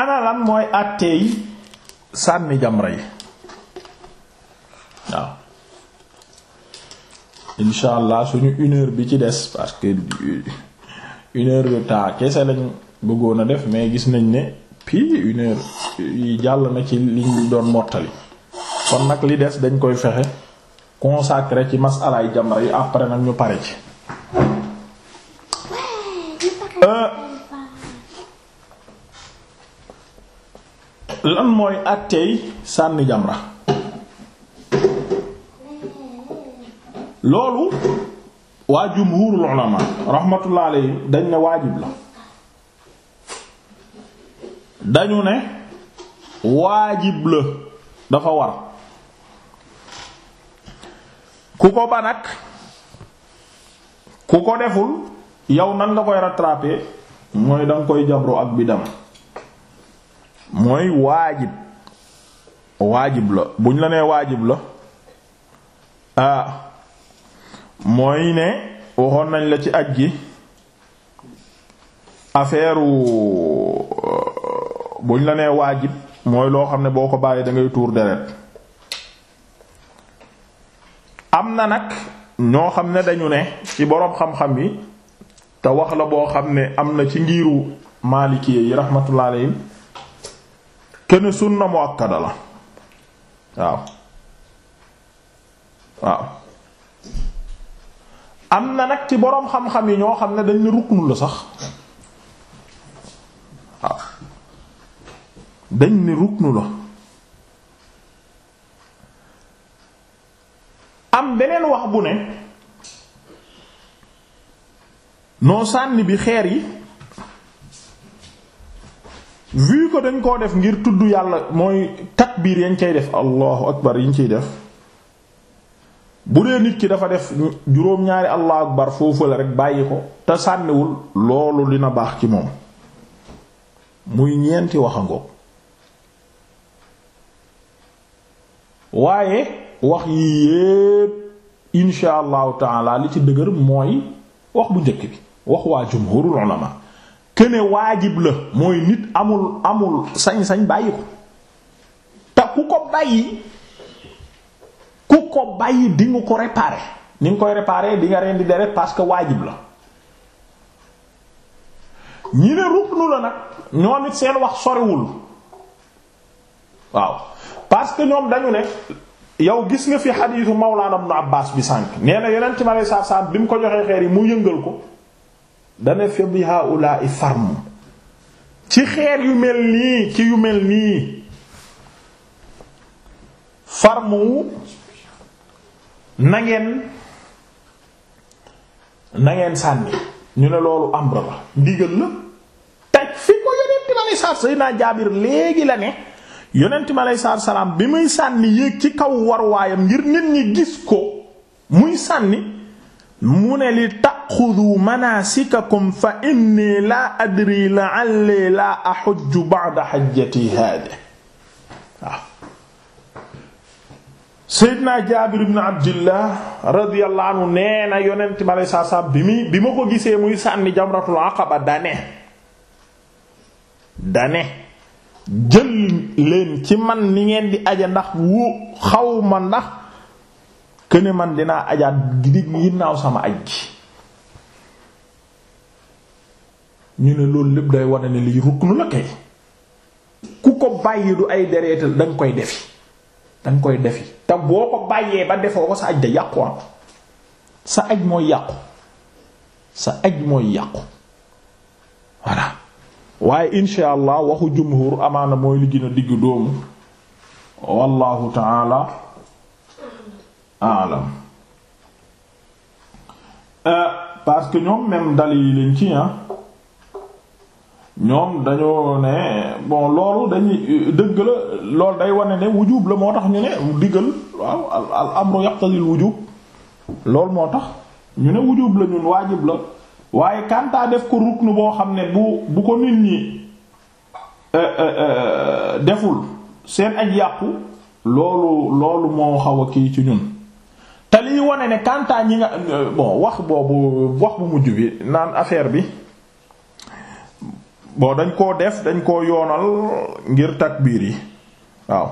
ana lan mooy àtteey sànni jamra yi waaw insha allah suñu une bi ci des parce que une de temps kese lañ bëggoon a def mais gis nañ ne pii une jàll na ci liñ doon mottali kon nag li des dañ koy fexe consacré ci masalaay jamra yi après nag ñu pare ci lan mooy àtteey sànni jamra loolu waa jumhurul ulama rahmatullah alayhi dañ ne waajib la dañu ne waajib la dafa war ku ko ba nag ku ko deful yow nan nga koy rattraper mooy danga koy jabru ak bidam mooy waajib waajib la buñ la nee waajib la mooy ne waxoon nañ la ci aj gi affaire euh, buñ la nee waajib mooy loo xam ne boo ko bàyyee dangay tuur deret am na nag ñoo xam ne dañu ne ci boroom xam-xam yi te wax la boo xam ne am na ci ngiiru maalikee yi rahmatullah alayhim kenn sunna muakkada la waaw waaw am na nag ci boroom xam-xam yi ñoo xam ne dañ ne ruknu la sax waaw dañ ne ruknu la am beneen wax bu ne noo sànni bi xeer yi vu que dañ koo def ngir tudd yàlla mooy takbiir yañ cay def allahu akbar yiñ ciy def bu dee nit ki dafa def juróom-ñaari allahu akbar foofu la rek bàyyi ko te sànniwul loolu dina baax ci moom muy ñeenti waxangoog waaye wax yii yépp insha allahu taala li ci dëgër mooy wax bu njëkk bi wax waa jumhurul ulama këne waajib la mooy nit amul amul sañ-sañ bàyyi ko te ku ko bàyyi ku ko bàyyi di nga ko réparer ni nga koy réparer di nga rendi deret parce que waajib la ñi ne ruknu la nag ñoom it seen wax sorewul waaw parce que ñoom dañu ne yow gis nga fi xadiisu Mawlaana Ibnu Abbaas bi sànq nee na yeneen ci ma lay saab bi mu ko joxee xeer yi mu yëngal ko dane fa bi haula'i farm ci xeer yu mel nii ci yu mel nii farm wu nangeen nangeen sànni ñu ne loolu amr la ndigal la taj fi ko yonent mi alay salaam Seydina Jaabir léegi bi muy sànni yéeg ci kaw war waayam ngir nit ñi gis ko muy sànni mu ne li ta xudu manaasikakum fa inni laa adri la'alli laa axujju ba'da xajjati haadihi waaw. Jaabir ibn Abdillah radiyallahu anhu nee na yonent ma lay saa saa bi ma ko gisee muy sànni jamratul aqaba dane dane jël leen ci man ni ngeen di aja ndax wu xaw ma ndax këne man dinaa ajaat ginnaaw sama aj ñu ne loolu lépp day wane ne lii ruknu la kay ku ko bàyyi du ay dereetal danga koy defi danga koy defi te boo ko bàyyee ba defoo ko sa aj da yàqu am ah. sa aj mooy yàqu sa aj mooy yàqu waaye insha waxu jumhur amaana mooy li gën a digg doomu wallahu taala alam euh, parce que ñoom même dal yi lañ ci ah ñoom dañoo ne bon loolu dañuy dëgg la lool day wane ne wujub la moo tax ñu ne diggal waaw al amru yaqtadil wujub loolu moo tax ñu ne wujub la ñun waajib la waaye kantaa def ko ruknu boo xam ne bu bu ko nit ñi euh, euh, euh, deful seen aj yàqu loolu loolu moo xaw a kii ci ñun te liy wane ne kantaa ñi nga bon wax boobu wax bu mujj bi naan affaire bi bon dañ koo def dañ koo yoonal ngir takbiir yi waaw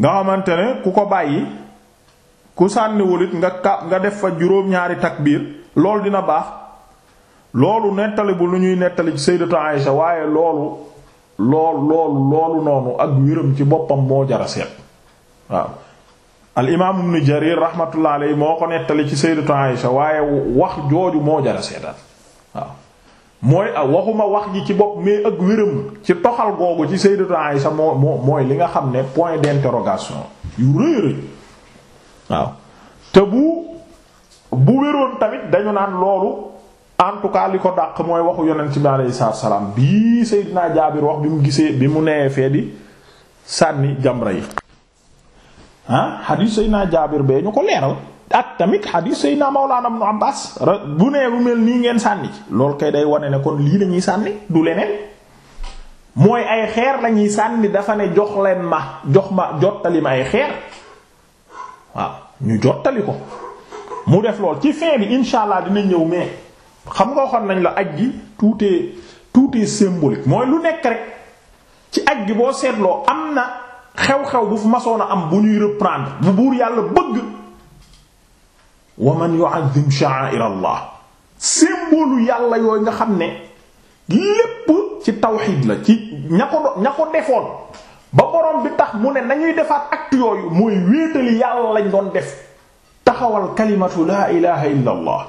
nga xamante ne ku ko bàyyi ku sànniwul it nga ka nga def fa juróom-ñaari takbiir loolu dina baax loolu nettali bu lu ñuy nettali ci sayyidatu Aisha waaye loolu lool loolu loolu noonu ak wéram ci boppam moo jara seet waaw al imaam ibn Jarir rahmatullah alayhi moo ko nettali ci sayyidatu Aisha waaye wax jooju moo jara seetaat mooy ah, waxuma wax ji ci bopp mais ak wéram ci toxal googu ci Sayyidatu Aisha moo moo mooy li nga xam ne point d'interrogation yu rëy rëy waaw te bu bu wéroon tamit dañu naan loolu en tout cas li ko dàq mooy waxu yonent bi alayhi salaam bii Seydina Jaabir wax bi mu gisee bi mu nee fee di sànni jamra yi ah xadiis Seydina Jaabir bee ñu ko leeral ak tamit xadiis Seydina Mawlana Ibn Abbas bu nee lu mel nii ngeen sànni loolu kay day wane ne kon lii lañuy sànni du leneen mooy ay xeer lañuy sànni dafa ne jox leen ma jox ma jottali ma ay xeer waaw ñu jottali ko mu def lool ci fin bi insha allah dina ñëw mais xam nga waxoon nañ la aj gi tout est tout est symbolique mooy lu nekk rek ci aj gi boo seetloo am na xew-xew bu fu masoon a am bu ñuy reprendre bu buur yàlla bëgg wa man yu'azzim sha'a'ir Allah symbole yàlla yooyu nga xam ne lépp ci tawxiid la ci ña ko do ña ko defoon ba borom bi tax mu ne nañuy defaat acte yooyu mooy wéetali yàlla lañ doon def taxawal kalimatu laa ilaha illa allah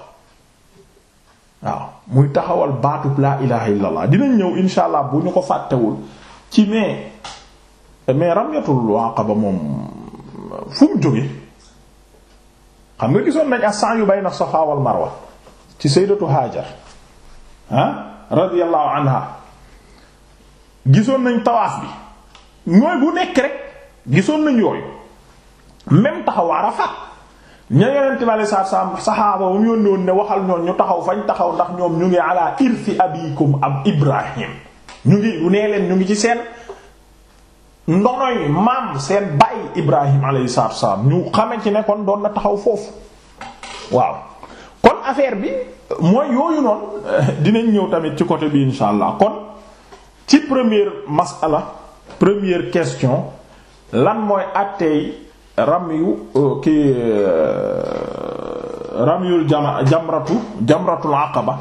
waaw muy taxawal baatub laa ilaha illa allah ñëw insha allah bu ñu ko fàttewul ci mais mais ramyatul aqaba moom fu jóge xam nga gisoon nañ as-sa'yu bay safa wal marwa ci sayyidatu hajar ah radiyallahu anha gisoon nañ tawaaf bi mooy bu nekk rek gisoon nañ yooyu même taxaw Arafat ña yonent bi alayhi salaatu salaam saxaaba mu yónni woon ne waxal ñoon ñu taxaw fañ taxaw ndax ñoom ñu ngi ala irsi abikum ab Ibrahim ñu ngi nee leen ñu ngi ci seen ndonoy maam seen bàyyi Ibrahim alayhi salaatu wa salaam ñu xame ci ne kon doon na taxaw foofu waaw kon affaire bi mooy yooyu noonu dinañ ñëw tamit ci côté bi insha allah kon ci première masala première question lan mooy àtteey ramyu euh, ki euh, ramyul jama jamratu jamratul aqaba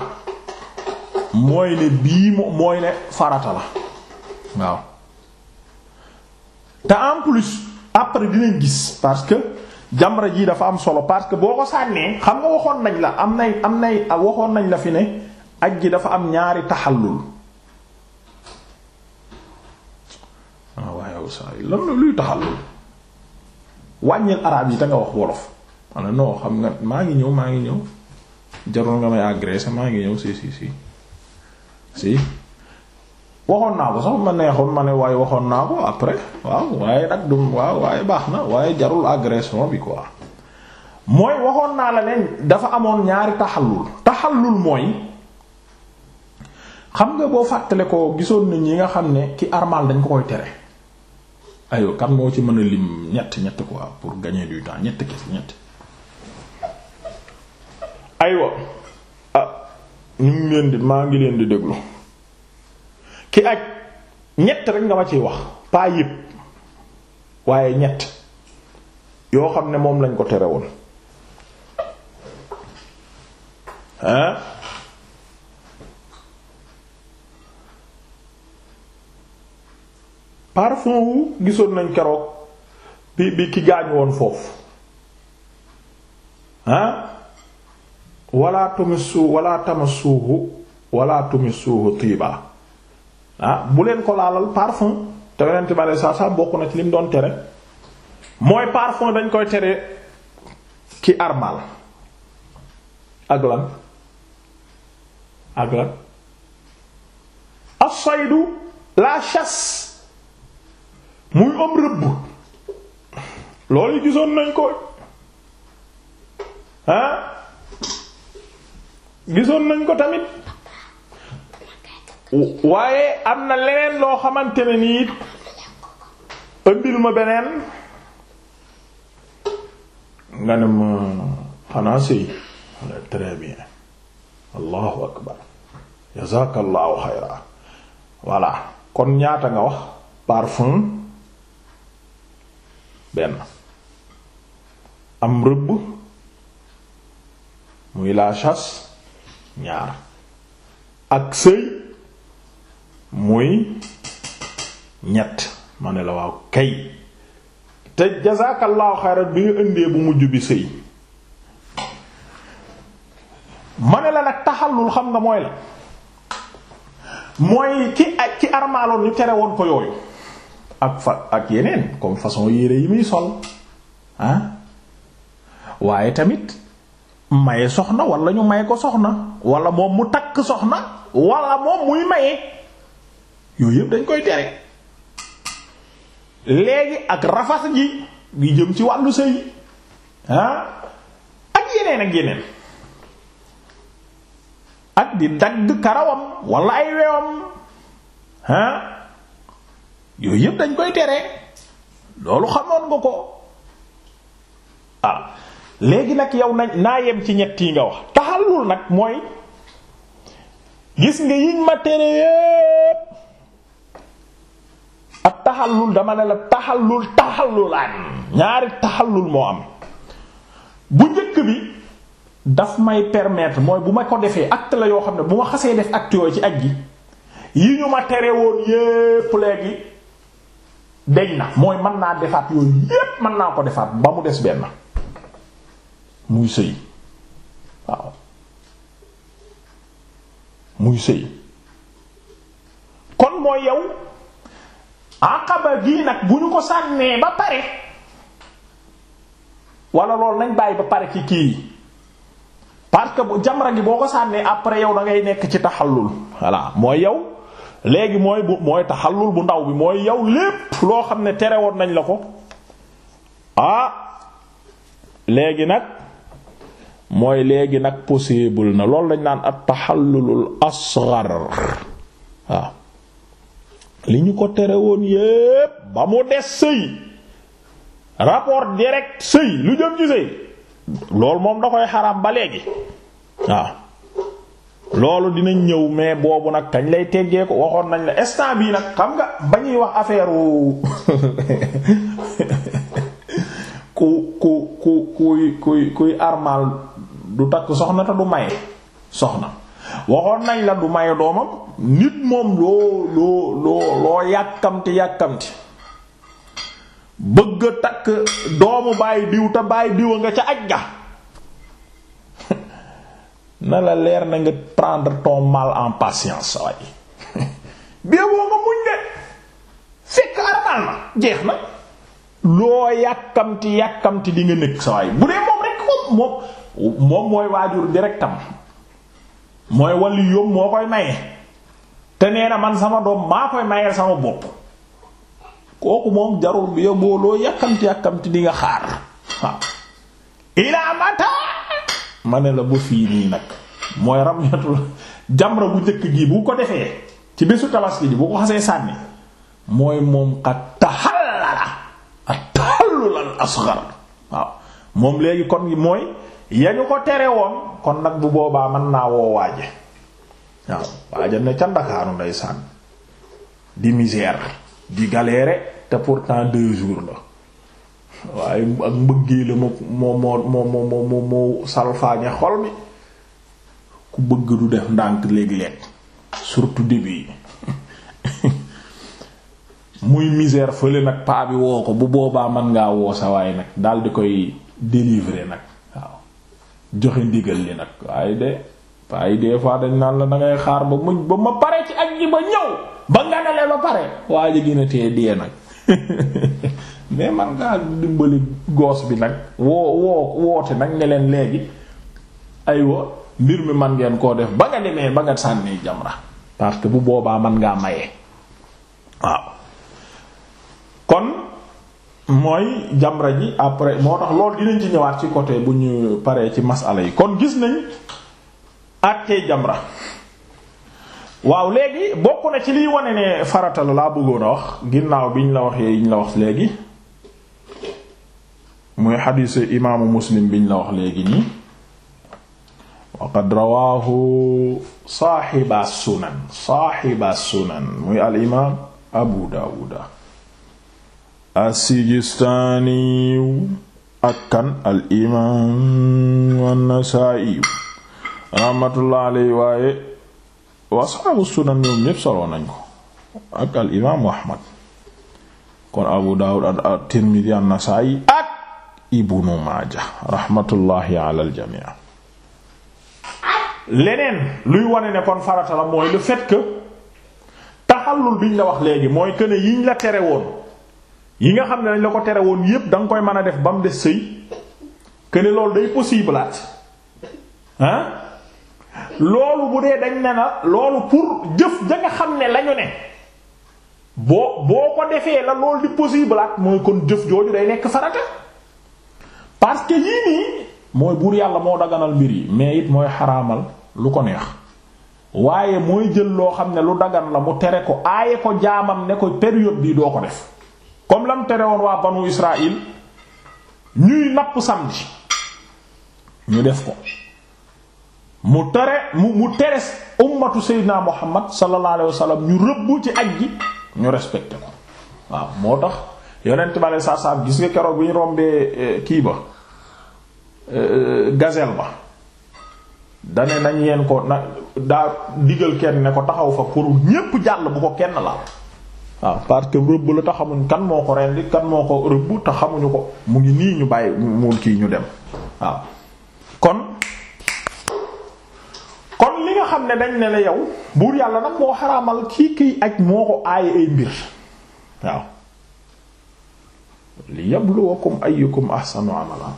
mooy ne bii mooy ne farata la waaw te en plus après dinañ gis parce que jamra ji dafa am solo parce que boo ko sànnee xam nga waxoon nañ la am nay am nay waxoon nañ la fi ne ak ji dafa am ñaari taxallul waaw ah, waaye sa lan la luy taxallul wàññil araab yi te nga wax wolof ana noo xam nga maa ngi ñëw maa ngi ñëw jarul nga may agresser maa ngi ñëw si si si si waxoon naa ko sax ma neexoon ma ne waaye waxoon naa ko après waaw waaye nag du waaw waaye baax na waaye jarul agression bi quoi mooy waxoon naa la ne dafa amoon ñaari taxallul taxallul mooy xam nga boo fàttale ko gisoon nañ yi nga xam ne ki armal dañ ko koy tere ayo kam ngoo ci mën a lim ñett ñett ko pour gagner du temps ñett kese ñett aywa ah maa ngi leen di déglu ki ak ñett rek nga ma ciy wax paa yépp waaye ñett yoo xam ne moom lañ ko tere woon hein parfum wu gisoon nañ keroog bi bi ki gaañu woon foofu ah wala tumissu wala tamassuhu wala tumissuhu tiiba ah bu leen ko laalal parfum te yonent bi aleyhi salaatu salaam bokk na ci lim doon tere mooy parfum dañ koy tere ki armal ak lan ak lan as-saydu la chasse muy am rëbb loolu gisoon nañ ko ah gisoon nañ ko tamit waaye am na leneen loo xamante ne nii ëndil ma beneen nga ne ma xanaa sëy allahu akbar jazakallahu xayra voilà kon ñaata nga wax parfum benn am rëbb muy la chasse ñaar ak sëy muy ñett ma ne la waaw kay te jazaakallaahu xayran bi nga indee bu mujj bi sëy ma ne la nag taxallul xam nga mooy la mooy ci ak ci armaaloon ñu tere woon ko yooyu ak fa ak yeneen comme façon yére yi muy sol ah? waaye tamit maye soxna wala ñu may ko soxna wala moom mu takk soxna wala moom muy maye yooyu yëpp dañ koy tere léegi ak rafas gi gi jëm ci wàllu sëy ah ak yeneen ak yeneen ak di dagg karawam wala ay wewam ah yooyu yëpp dañ koy tere loolu xamoon nga ko ah léegi nag yow nañ naa yem ci ñett yi nga wax taxalul nag mooy gis nga yiñ ma tere yépp ak taxallul dama ne la taxallul taxallulaan ñaari taxallul moo am bu njëkk bi daf may permettre mooy bu ma ko defee acte la yoo xam ne bu ma xasee def acte yooyu ci aj gi yi ñu ma tere woon yépp léegi deñ na mooy mën naa defaat yooyu yépp mën naa ko defaat ba mu des benn muy sëy waaw muy sëy kon mooy yow aqaba gii nag bu ñu ko sànnee ba pare wala loolu nañ bàyyi ba pare ki kii yi bu jamra gi boo ko sànnee après yow da ngay nekk ci taxallul voilà mooy yow léegi mooy bu mooy taxallul bu ndaw bi mooy yow lépp loo xam ne terewoon nañ la ko ah léegi nag mooy léegi nag possible na loolu lañ naan at taxallulul asghar waaw li ñu ko tere woon yépp ba mu des sëy rapport direct sëy lu jëm ci sëy loolu moom da koy xaraam ba léegi waaw loolu dinañ ñëw mais boobu nag kañ lay teggee ko waxoon nañ la instant bii nag xam nga ba ñuy wax affaire ku ku ku kuy kuy kuy armal du takk soxna te du maye soxna waxoon nañ la du maye doomam nit moom loo loo loo yàkkamti yàkkamti bëgg a takk doomu bàyyi diw te bàyyi diw nga ca aj ga na la leer na nga prendre ton mal en patience waay bee boo nga muñ de fekk armal na jeex na loo yàkkamti yàkkamti di nga nekk sa waay bu dee moom rekk moom moom mooy waajur directam mooy wàllu yóom moo koy maye te nee na man sama doom maa koy mayeel sama bopp kooku moom jarul bi yóbboo loo yàkkamti yàkkamti di nga xaar waaw ilaa mata ma ne la ba fii nii nag mooy ramyatul jamra bu njëkk gi bu ko defee ci bésu tabaski ji bu ko xasee sànni mooy moom xat taxallala a taxallulal asghar waaw moom léegi kon mooy yañu ko tere woon kon nag bu boobaa mën naa woo waaje waaw waaja ne ca ndakaaru ndeysaan di misère di galère te pourtant deux jours la waaye ak mbëggee la moo moo moo moo salfaañe xol bi ku bëgg du def ndànk léeg-léeg surtout début yi muy misère fële nag paa bi woo ko bu boobaa man ngaa woo sa waaye nag dal di koy délivrer nag joxe ndigal li nag waaye de waaye des fois dañ naan la dangay xaar ba muñ ba ma pare ci ak ji ba ñëw ba nga ne ba pare waa ji gën a tee nag mais man ngaa dimbali goos bi nag woo woo woote nag ne leen léegi wo mbir mi man ngeen koo def ba nga demee ba nga sànni jamra parce que bu boobaa man ngaa maye waaw. mooy jamra ji après moo tax loolu dinañ ci ñëwaat ci côté bu ñu paree ci masala yi kon gis nañ àttee jamra waaw léegi bokk na ci liy wane ne farata laa bëggoon a wax ginnaaw bi ñu la wax yi ñu la wax léegi muy xadiis imaamu muslim bi ñu la wax léegi nii waqad rawaahu saaxiba sunan saaxiba sunan muy al imaam abu daawuda as-Sijistaaniyu ak kan al imaam an-Nasaa'iyu rahmatullah alayhi waaye ashaabu sunan ñoom ñépp soloo nañ ko ak al imaamu Ahmad kon Abu Daawud at-Tirmidhi an-Nasaa'i ak Ibnu Maaja rahmatullahi ala jamii leneen luy wane ne kon farata mooy le fait que taxallul la wax léegi mooy que yiñ la tere woon yi nga xam ne dañ la ko tere woon yépp danga koy mën a def ba mu des sëy que ne loolu day possible at ah loolu bu dee dañ ne na loolu pour jëf ja nga xam ne lañu ne boo boo ko defee la loolu di possible at mooy kon jëf jooju day nekk farata parce que yii nii mooy buur yàlla moo daganal mbir yi mais it mooy xaramal lu ko neex waaye mooy jël loo xam ne lu dagan la mu tere ko aaye ko jaamam ne ko période bi doo ko def comme lam tere woon waa banu Israël ñuy napp samedi ñu def ko mu tere mu mu tere ummatu Seydina Muhammad sallallahu alayhi ñu rëbb ci aj ji ñu respecte ko waaw moo tax yonent bale saa saam gis nga keroog bi ñu rombee euh, kii ba euh, gazel ba dane nañ yeen ko na daa digal kenn ne ko taxaw fa pour ñépp jàll bu ko kenn laal waaw parce que rëbb la te xamuñ kan moo ko ko rëbb te xamuñu ko mu ngi nii ñu bàyyi muul kii ñu dem waaw kon kon li nga xam ne dañ ne la yow buur yàlla nag moo xaraamal ci kiy aj moo ko aaye ay mbir waaw li yabluwakum ayyukum ahsanu amala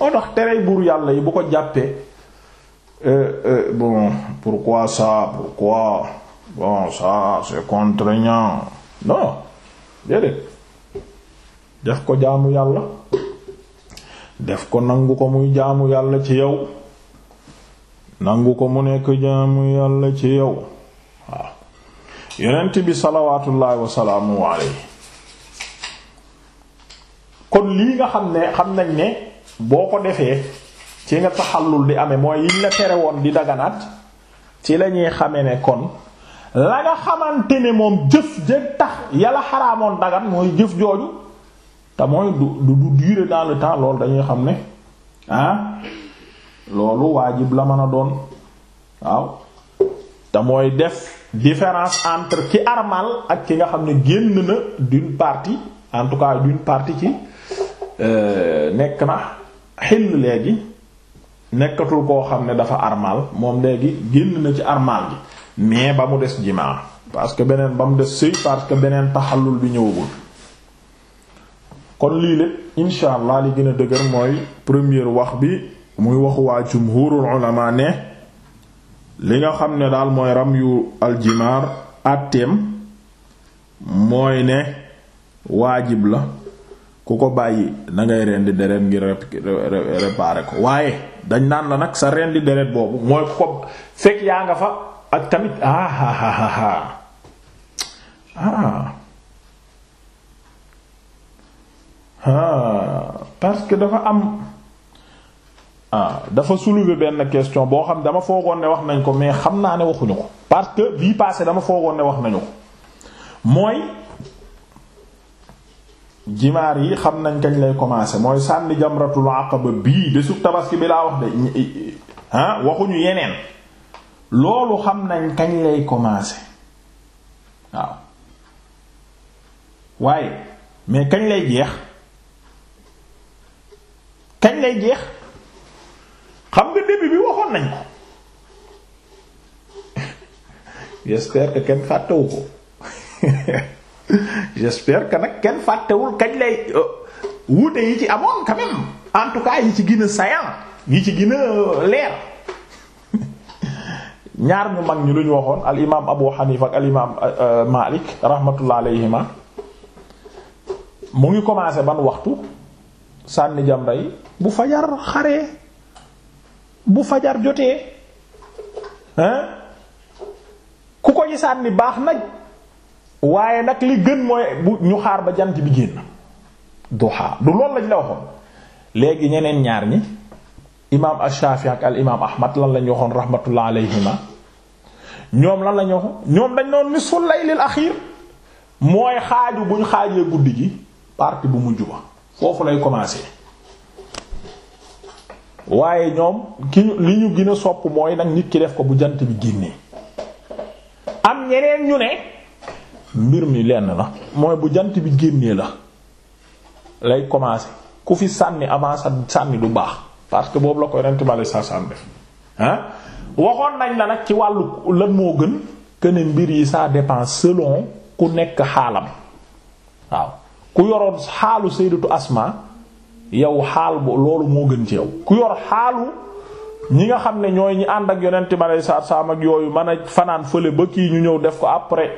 moo tax tere buur yàlla yi bu ko jàppee euh, euh, bon pourquoi ça pourquoi bon ça c'est contraignant non déedéet def ko jaamu yàlla def ko nangu ko muy jaamu yàlla ci yow nangu ko mu nekk jaamu yàlla ci yow waaw yonent bi salawaatullaahi wasalaamu alayhi kon lii nga xam ne xam nañ ne boo ko defee ci nga taxallul di amee mooy yiñ la tere woon di daganaat ci lañuy xame ne kon la nga xamante ne moom jëf jëg tax yàlla xaraamoon dagat mooy jëf jooju te mooy du du durer dans le temps loolu dañuy xam ne ah loolu waajib la mën a doon waaw te mooy def différence entre ki armal ak ki nga xam ne génn na d'une partie en tout cas d'une partie ci euh, nekk na xil léegi nekkatul koo xam ne dafa armal moom léegi génn na ci armaal gi mais ba mu des jimaa parce que beneen ba mu des sëy parce que beneen taxallul bi ñëwagul kon lii lépp insha allah li gën a dëgër mooy première wax bi muy waxu waa jumhurul ulama ne li nga xam ne daal mooy ram yu aljimaar àtteem mooy ne waajib la ku ko bàyyi nangay ngay rendi deret ngir réparer ko waaye dañ naan la nag sa rendi deret boobu mooy ko fekk yaa nga fa ak tamit ah, ah, ah, parce que dafa am ah dafa soulever benn question boo xam dama foogoon ne wax nañ ko mais xam naa ne waxuñu ko parce que bii passé dama foogoon ne wax nañu ko mooy jimaar yi xam nañ kañ lay commencer mooy sànni jamratul aqaba bii bésu tabaski bi laa wax de waxuñu yeneen. loolu xam nañ kañ lay commencer waaw waaye mais kañ lay jeex kañ lay jeex xam nga début bi waxoon nañ ko j'espère que kenn fàttewu ko j'espère que nag kenn fàttewul kañ lay euh, wuute yi ci amoon quand même tout cas yi ci gën a saillant yi ci gën a leer ñaar ñu mag ñi lu ñu waxoon al imaam Abu Hanifa ak al imaam euh, euh, Malik rahmatullah alayhima mu ngi commencé ban waxtu sànni jamra yi bu fajar xaree bu fajar jotee hein ku ko ci sànni baax nag waaye nag li gën mooy bu ñu xaar ba jant bi génn duha du loolu lañ la waxoon léegi ñeneen ñaar ñi imaam Ash-Shafi'i ak al imaam Ahmad lan la ñu waxoon rahmatullah alayhima ñoom lan la ñu waxoon ñoom dañ noon nisful laylil axiir mooy xaaju buñ xaajee guddi gi partie bu mujj ba foofu lay commencer waaye ñoom ki li ñu gën sopp mooy nag nit ki def ko bu jant bi génnee am ñeneen ñu ne mbir mi lenn la mooy bu jant bi génnee la lay commencer ku fi sànni avant a sànni du baax parce que boobu la koy yonent bi alayhi salaam def ah waxoon nañ la nag ci wàllu lan moo gën que mbir yi saa dépend selon ku nekk xaalam waaw ku yoroon xaalu sayyidatu Asma yow xaal bo loolu moo gën ci yow ku yor xaalu ñi nga xam ne ñooy ñi ànd ak yonent bi alayhi salaam ak yooyu man a fanaan fële ba kii ñu ñëw def ko après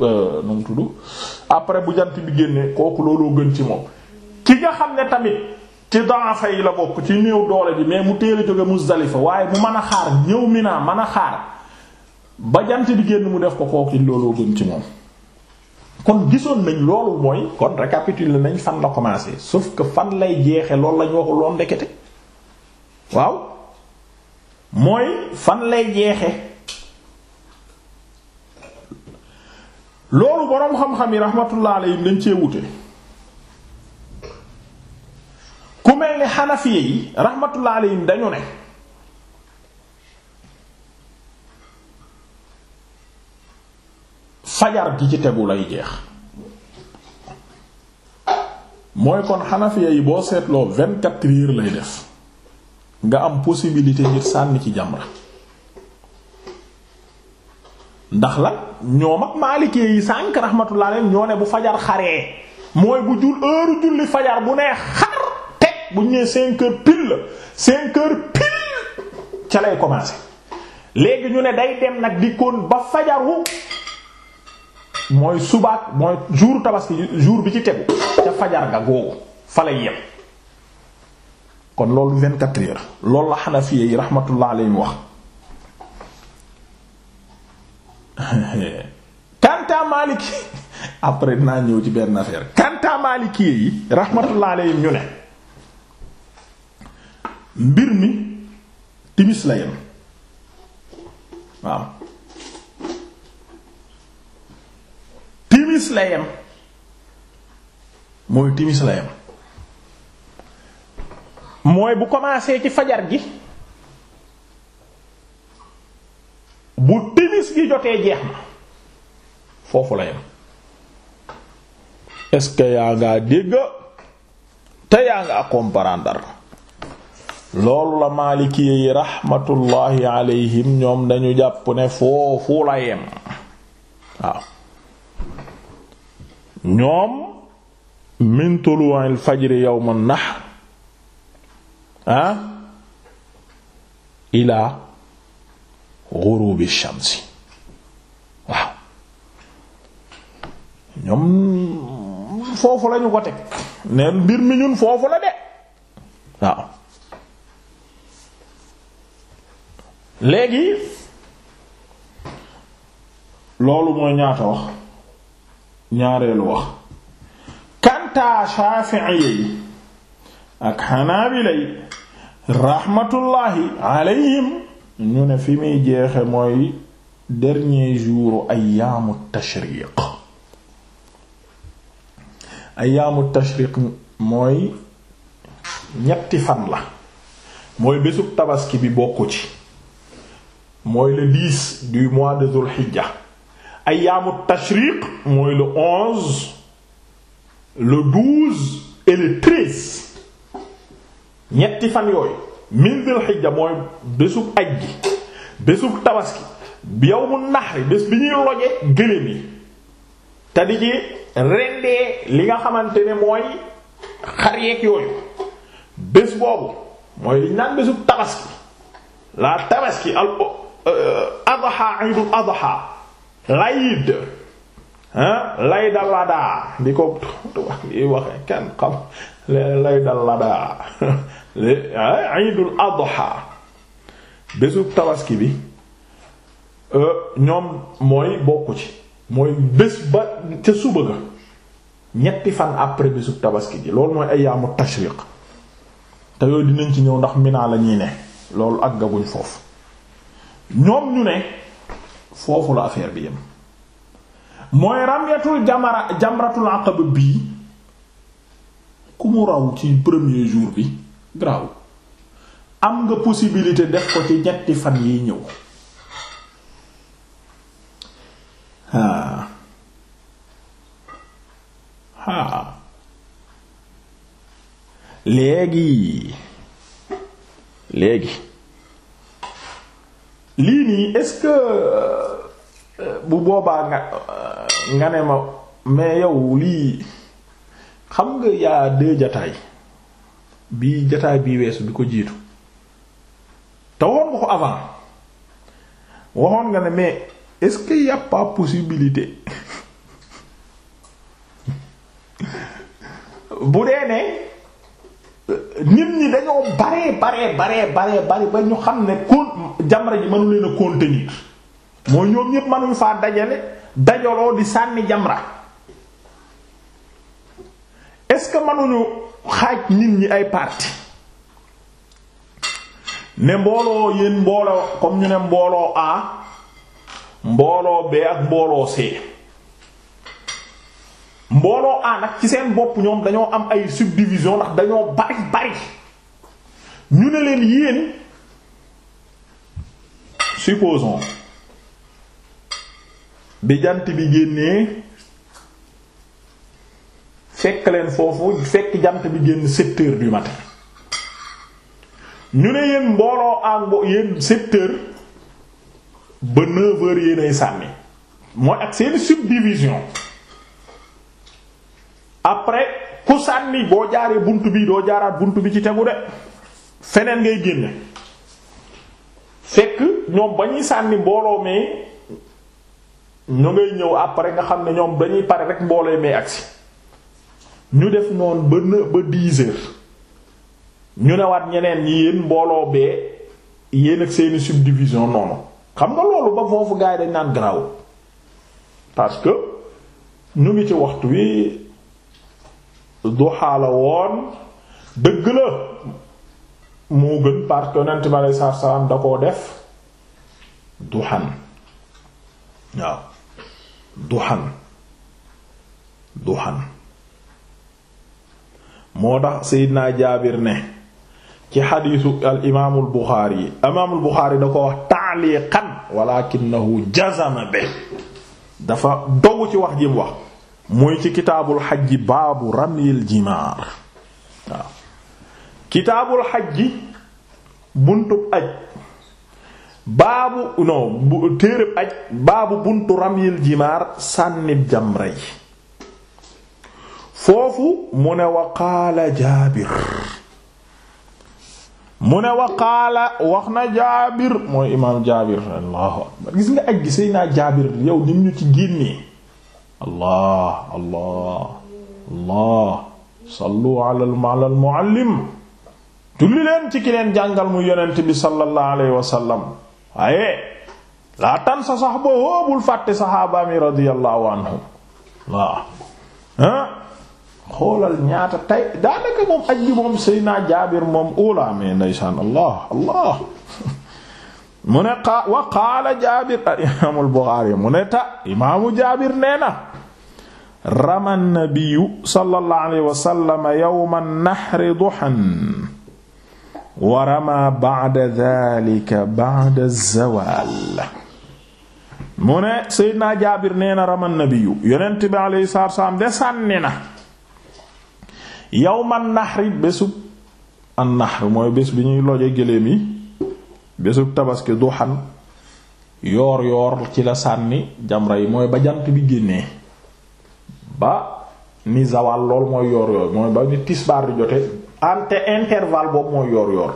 euh, nu mu tudd après bu jant bi génnee kooku looloo gën ci moom ki nga xam ne tamit. ci daafa yi la bokk ci néew doole bi mais mu teel a jóge Muzdalifa waaye mu mën a xaar ñëw naa mën a xaar ba jant bi génn mu def ko kooku looloo gën ci moom. kon gisoon nañ loolu mooy kon récapitulé nañ fan la commencé sauf que fan lay jeexe loolu lañ waxu loon waaw mooy fan lay jeexe loolu boroom xam-xam yi rahmatullah alayhi dañ ci wute. ku mel ni xanafiye yi rahmatullah alayhim dañu ne fajar gi ci tegu lay jeex mooy kon xanafiye yi boo seetloo vingt-quatre heures lay def nga am possibilité ngir sànni ci jamra ndax la ñoom ak maalikee yi sànk rahmatullah alayhim ñoo ne bu fajar xaree mooy bu jul heure julli fajar bu nee xar bu ñu nee cinq heures pile la cinq heures pile ca lay commencer léegi ñu ne day dem nag di koon ba fajaru mooy subaak mooy jour tabaski jour bi ci tegu ca fajar ga googu fa lay yem kon loolu vingt-quatre heures loolu la xanafiya yi rahmatullah alayhim wax kanta maliki après naa ñëw ci benn affaire kanta maliki yi rahmatullah alayhim ñu ne mbir mi timis la yem waaw timis la yem mooy timis la yem mooy bu commencé ci fajar gi bu timis gi jotee jeex na foofu la yem est-ce que yaa ngaa dégg te yaa ngaa comprendre loolu la maaliki yi raxmatullaahi alayhim ñoom dañu jàpp ne foofu la yem waaw ñoom min tuluwaan fajri yawma nahr ah ilaa gurubi shamsi waaw ñoom foofu lañu ko teg neen mbir mi ñun foofu la de waaw léegi loolu mooy ñaata wax ñaareelu wax kantaa Shafi'i yi ak Hanabila yi rahmatullahi alayhim ñu ne fi muy jeexe mooy dernier jour ayyaamu tashriq ayyaamu tashriq mooy ñetti fan la mooy bésub tabaski bi bokku ci mooy le dix du mois de Dhul Hidja ayaamu tashriq mooy le onze le douze et le ñetti fan yooyu min Dhul Hidja mooy bésub aj gi bésub tabaski yawmu nahri bés bi ñuy loje gëléem yi te di rendee li nga xamante ne mooy xar yeeg yooyu bés boobu mooy liñ naan bésub tabaski la tabaski al Euh, adha idul adha layid lay ladaa di ko di waxe kenn xam lay dal ladaa idul adha bésu tabaski bi euh, ñoom mooy bokku ci mooy bés ba ca suba ga ñetti fan après bésu tabaski ji loolu mooy ayaamu tashriq te yooyu dinañ ci ñëw ndax minaa la ñuy ne loolu àggaguñ foofu ñoom ñu ne foofu la affaire bi yem mooy ramyatul jamara jamratul aqaba bii ku mu raw ci premier jour bi graw am nga possibilité def ko ci ñetti fan yi ñëw haa ah. ah. léegi léegi lii nii est-ce que euh, bu boobaa nga euh, nga ne ma mais yow lii xam nga yaa deux jataay bii jataay bii weesu bi ko jiitu te waxoon nga ko avant waxoon nga ne mais est-ce qu'il y possibilité bu dee ne nit ñi dañoo baree baree baree baree bari ba ñu xam ne kon jamra ji mënu leen a moo mooy ñoom ñépp mënuñ faa dajale dajaloo di sànni jamra est-ce que mënuñu xaaj nit ñi ay parti ne mbooloo yéen mbooloo comme ñu ne mbooloo A mbooloo B ak mbooloo C mbooloo ànd ak ci seen bopp ñoom dañoo am ay subdivision ndax dañoo bari bari ñu ne leen yéen supposons bi jant bi génnee fekk leen foofu fekk jant bi génn sept heures du matin ñu ne yéen mbooloo ak mbo yéen ba neuf heures yéen ay sànni mooy ak seen subdivision après ku sànni boo jaaree bunt bi doo jaaraat bunt bi ci tegu de feneen ngay génne fekk ñoom ba ñuy sànni mbooloo mee ñu ngay ñëw après nga xam ne ñoom dañuy pare rek mbooloo mee agsi ñu def noonu ba ne ba dix heures ñu newaat ñeneen ñi yéen mbooloo bee yéen ak seeni subdivision noonu xam nga loolu ba foofu gars dañ naan garaw parce que ñu ngi ci waxtu wi duhaa la woon dëgg la moo gën parce que yonent salaam da koo def duhan waaw duhan duhan moo tax Seydina Jaabir ne ci xadiisu al imaamul Buxaari imaamul Buxaari da ko wax ta'liqan walakinahu jazama be dafa dogu ci wax jim wax muy ci kitaabul xajji baabu ramyil jimaar waaw kitaabul xajji buntub aj baabu non bu aj baabu buntu ramyil jimaar sànnib jamra yi foofu mu ne wa jaabir mu ne wa wax na jaabir mooy imaam jaabir allahu gis nga aj gi sëy naa jaabir yow nim ñu ci génnee allah allah allah sallu ala al muallim julli leen ci ki leen jàngal mu yonent bi sallallahu alayhi wa sallam waaye sax ba hoobul fàtte saxaaba mi radiyallahu anhum waaw ah xoolal ñaata tey daanaka moom aj bi moom Seydina Jaabir moom ula mais ndeysaan allah allah mu ne wa qaala Jaabir al imaamul Buxaari mu ne ta imaamu Jaabir nee rama nabiyu sallallahu alayhi wa sallam yawma nahri duhan wa rama ba'da dhalika ba'da zawaal mu ne Seydina Jaabir nee na rama nabiyu yonent bi alayhi salaatu wa salaam de sànni na yawma nahri bésub an nahr mooy bés bi ñuy loje gëléem yi bésub tabaski duhan yoor yoor ci la sànni jamra yi mooy ba jant bi génnee ba ni zawal lool mooy yoor yoor mooy ba ni tisbaar di jote ante intervalle boobu mooy yoor yoor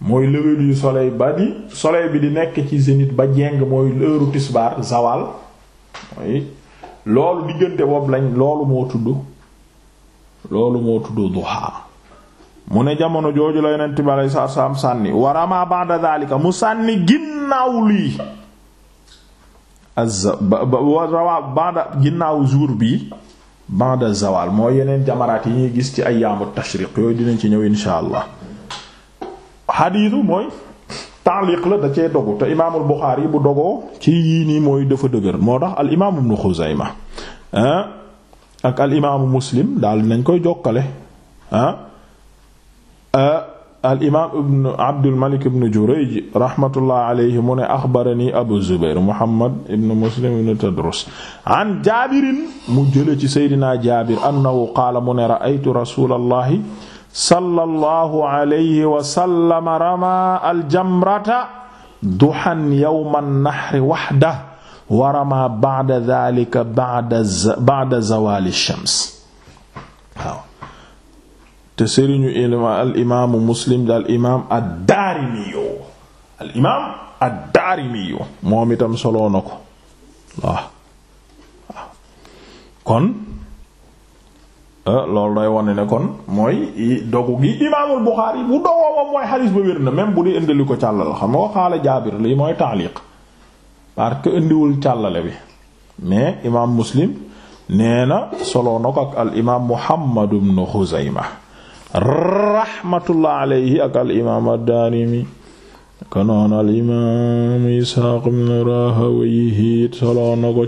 mooy lever du soleil ba di soleil bi di nekk ci zénith ba jeng mooy l'heure tisbaar zawal mooy loolu diggante boobu lañ loolu moo tudd loolu moo tudd duha mu ne jamono jooju la yonent bi aleyhi salaatu wa salaam sànni waramaa ba'da daalika mu sànni ginnaaw lii azza ba ba rawaa ba ginnaaw jour bi banda zawal moo yeneen jamaraat yi ñuy gis ci ayyaamu tashriq yooyu dinañ ci ñëw insha allah xadiisu mooy taaliq la da cee dogu te imaamul Buxaari bu dogoo ci yii nii mooy dafa dëgër moo tax al imaam ibnu Xuzayma ah ak al imaamu Muslim daal nañ koy jokkale ah, ah, al imaam ibn Abdul Malik ibn Jurayj rahmatullah alayhi mu ne axbarani Abu Zubair Muhammad ibn Muslim ibn Tadrus an Jaabirin mu jële ci Seydina Jaabir annahu qaala mu ne ra'aytu rasulallahi sallallahu alayhi wa sallam rama aljamrata duhan yawman nahri wahdahu wa rama ba'da dhaalika ba'da zawaali shams waaw te sëriñu ilma al imaamu muslim da imaam ad-Daarimiyu al imaam ad-Daarimiyu moom itam soloo na ko waaw waaw kon ah, loolu day wane ne kon mooy dogu gi imaamul Buxaari bu dogoo moom mooy xadiis ba wér na même càllal xam nga mooy taaliq parce que indiwul càllale bi mais imaam muslim nee na soloo na ko ak al imaam Muhammad ibn Xuzayma rahmatullah alayhi ak al imaam ad-Daarimi konoon al imaam solo na ko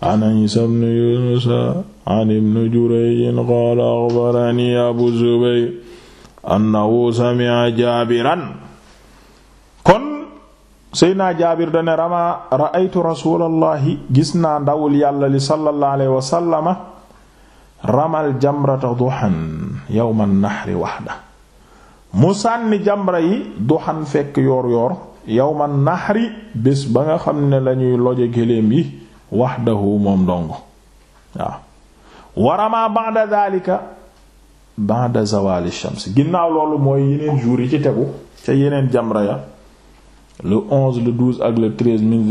an Iisaa ibn Yuunus an ibn Jurayj qaala axbaranii Abu Zubayr annahu sami'a Jaabiran kon Seydina Jaabir dane rama ra'aytu rasuulallahi gis ndawul yàlla li sallallahu ramal jamrata duhan yawma nahri wahda mu sànni jamra yi duhan fekk yoor yoor yawma nahri bés ba nga xam ne lañuy loje géléem yi wahdahu moom dong waaw waramaa ba'da dhalika ba'da zawali shams ginnaaw loolu mooy yeneen jours yi ci tegu ca yeneen jamra ya le 11 le 12 ak le 13 min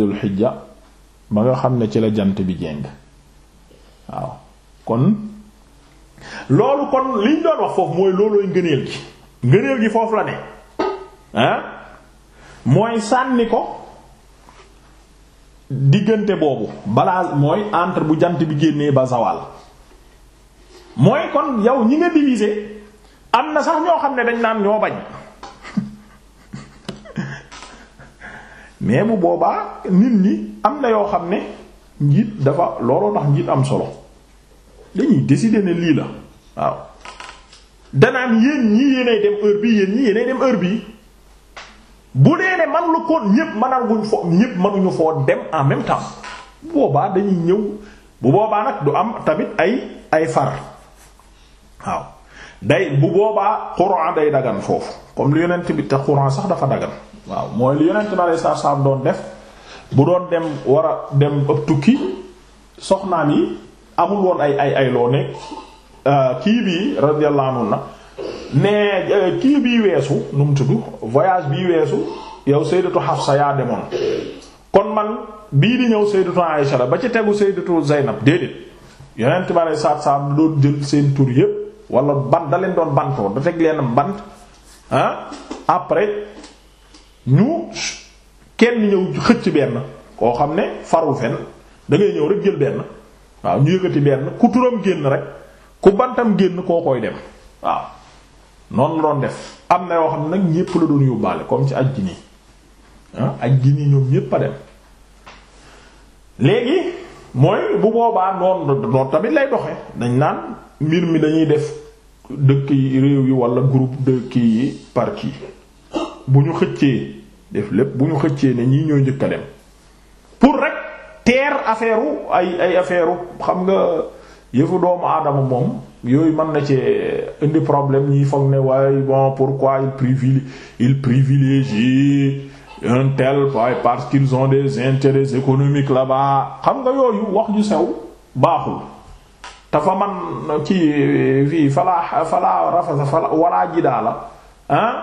ba nga xam ne ci la jant bi jéng waaw kon loolu kon liñ doon wax foofu mooy loolooy ngëneel gi ngëneel gi foofu la ne ah mooy sànni ko diggante boobu balaa mooy entre bu jant bi génnee ba zawal mooy kon yow ñi nga diviser am na sax ñoo xam ne dañ naan ñoo bañ mais bu boobaa nit ñi am na yoo xam ne njiit dafa looloo tax njiit am solo dañuy décider ne lii la waaw danaan yéen ñii yéenay dem heure bi yéen ñii yéenay dem heure bi bu dee ne man lu koon ñépp mënaguñ fo ñépp mënuñu foo dem en même temps boobaa dañuy ñëw bu boobaa nag du am tamit ay ay far waaw day bu boobaa Qur'an day dagan foofu comme li yonent bi te Qur'an sax dafa dagan waaw mooy li yonent bi alayhi salaam doon def bu doon dem war a dem ëpp tukki soxnaam yi amul woon ay ay ayloo loo Euh, kii bii radiyallahu anhu na ne euh, kii bii weesu nu mu tudd voyage bi weesu yow sayyidatu Hafsa yaa demoon kon man bii di ñëw sayyidatu Aisha la ba ci tegu sayyidatu Zaynab déedéet yonent bi aleyhi salaatu salaam doon jël seen tur yépp wala ban da leen doon bantoo da teg leen bant ah, après ñu kenn ñëw xëcc benn koo xam ne farul fenn dangay ñëw rek jël benn waaw ñu yëkkati benn ku turam génn rek. ku bantam génn koo koy dem waaw noonu la doon def am na yoo xam ne nag ñépp la doon yóbbaale comme ci aj gi nii ah, aj gi ñoom ñépp dem léegi mooy bu boobaa noonu noonu tamit lay doxe dañ naan mbir mi dañuy def dëkk yi réew yi wala groupe dëkk yi par kii bu ñu xëccee def lépp bu ñu xëccee ne ñii ñooy njëkk a dem pour rek teer affaire ay ay affaire xam nga yëfu doomu aadama moom yooyu man na ci indi problème ñi foog ne waaye bon pour pourquoi il privilégie il privilégie un tel waaye parce qu'ils ont des intérêts économiques la bas xam nga yooyu wax ju sew baaxul te fa man ci fii falaa falaa rafasa falaa walaa jidaala ah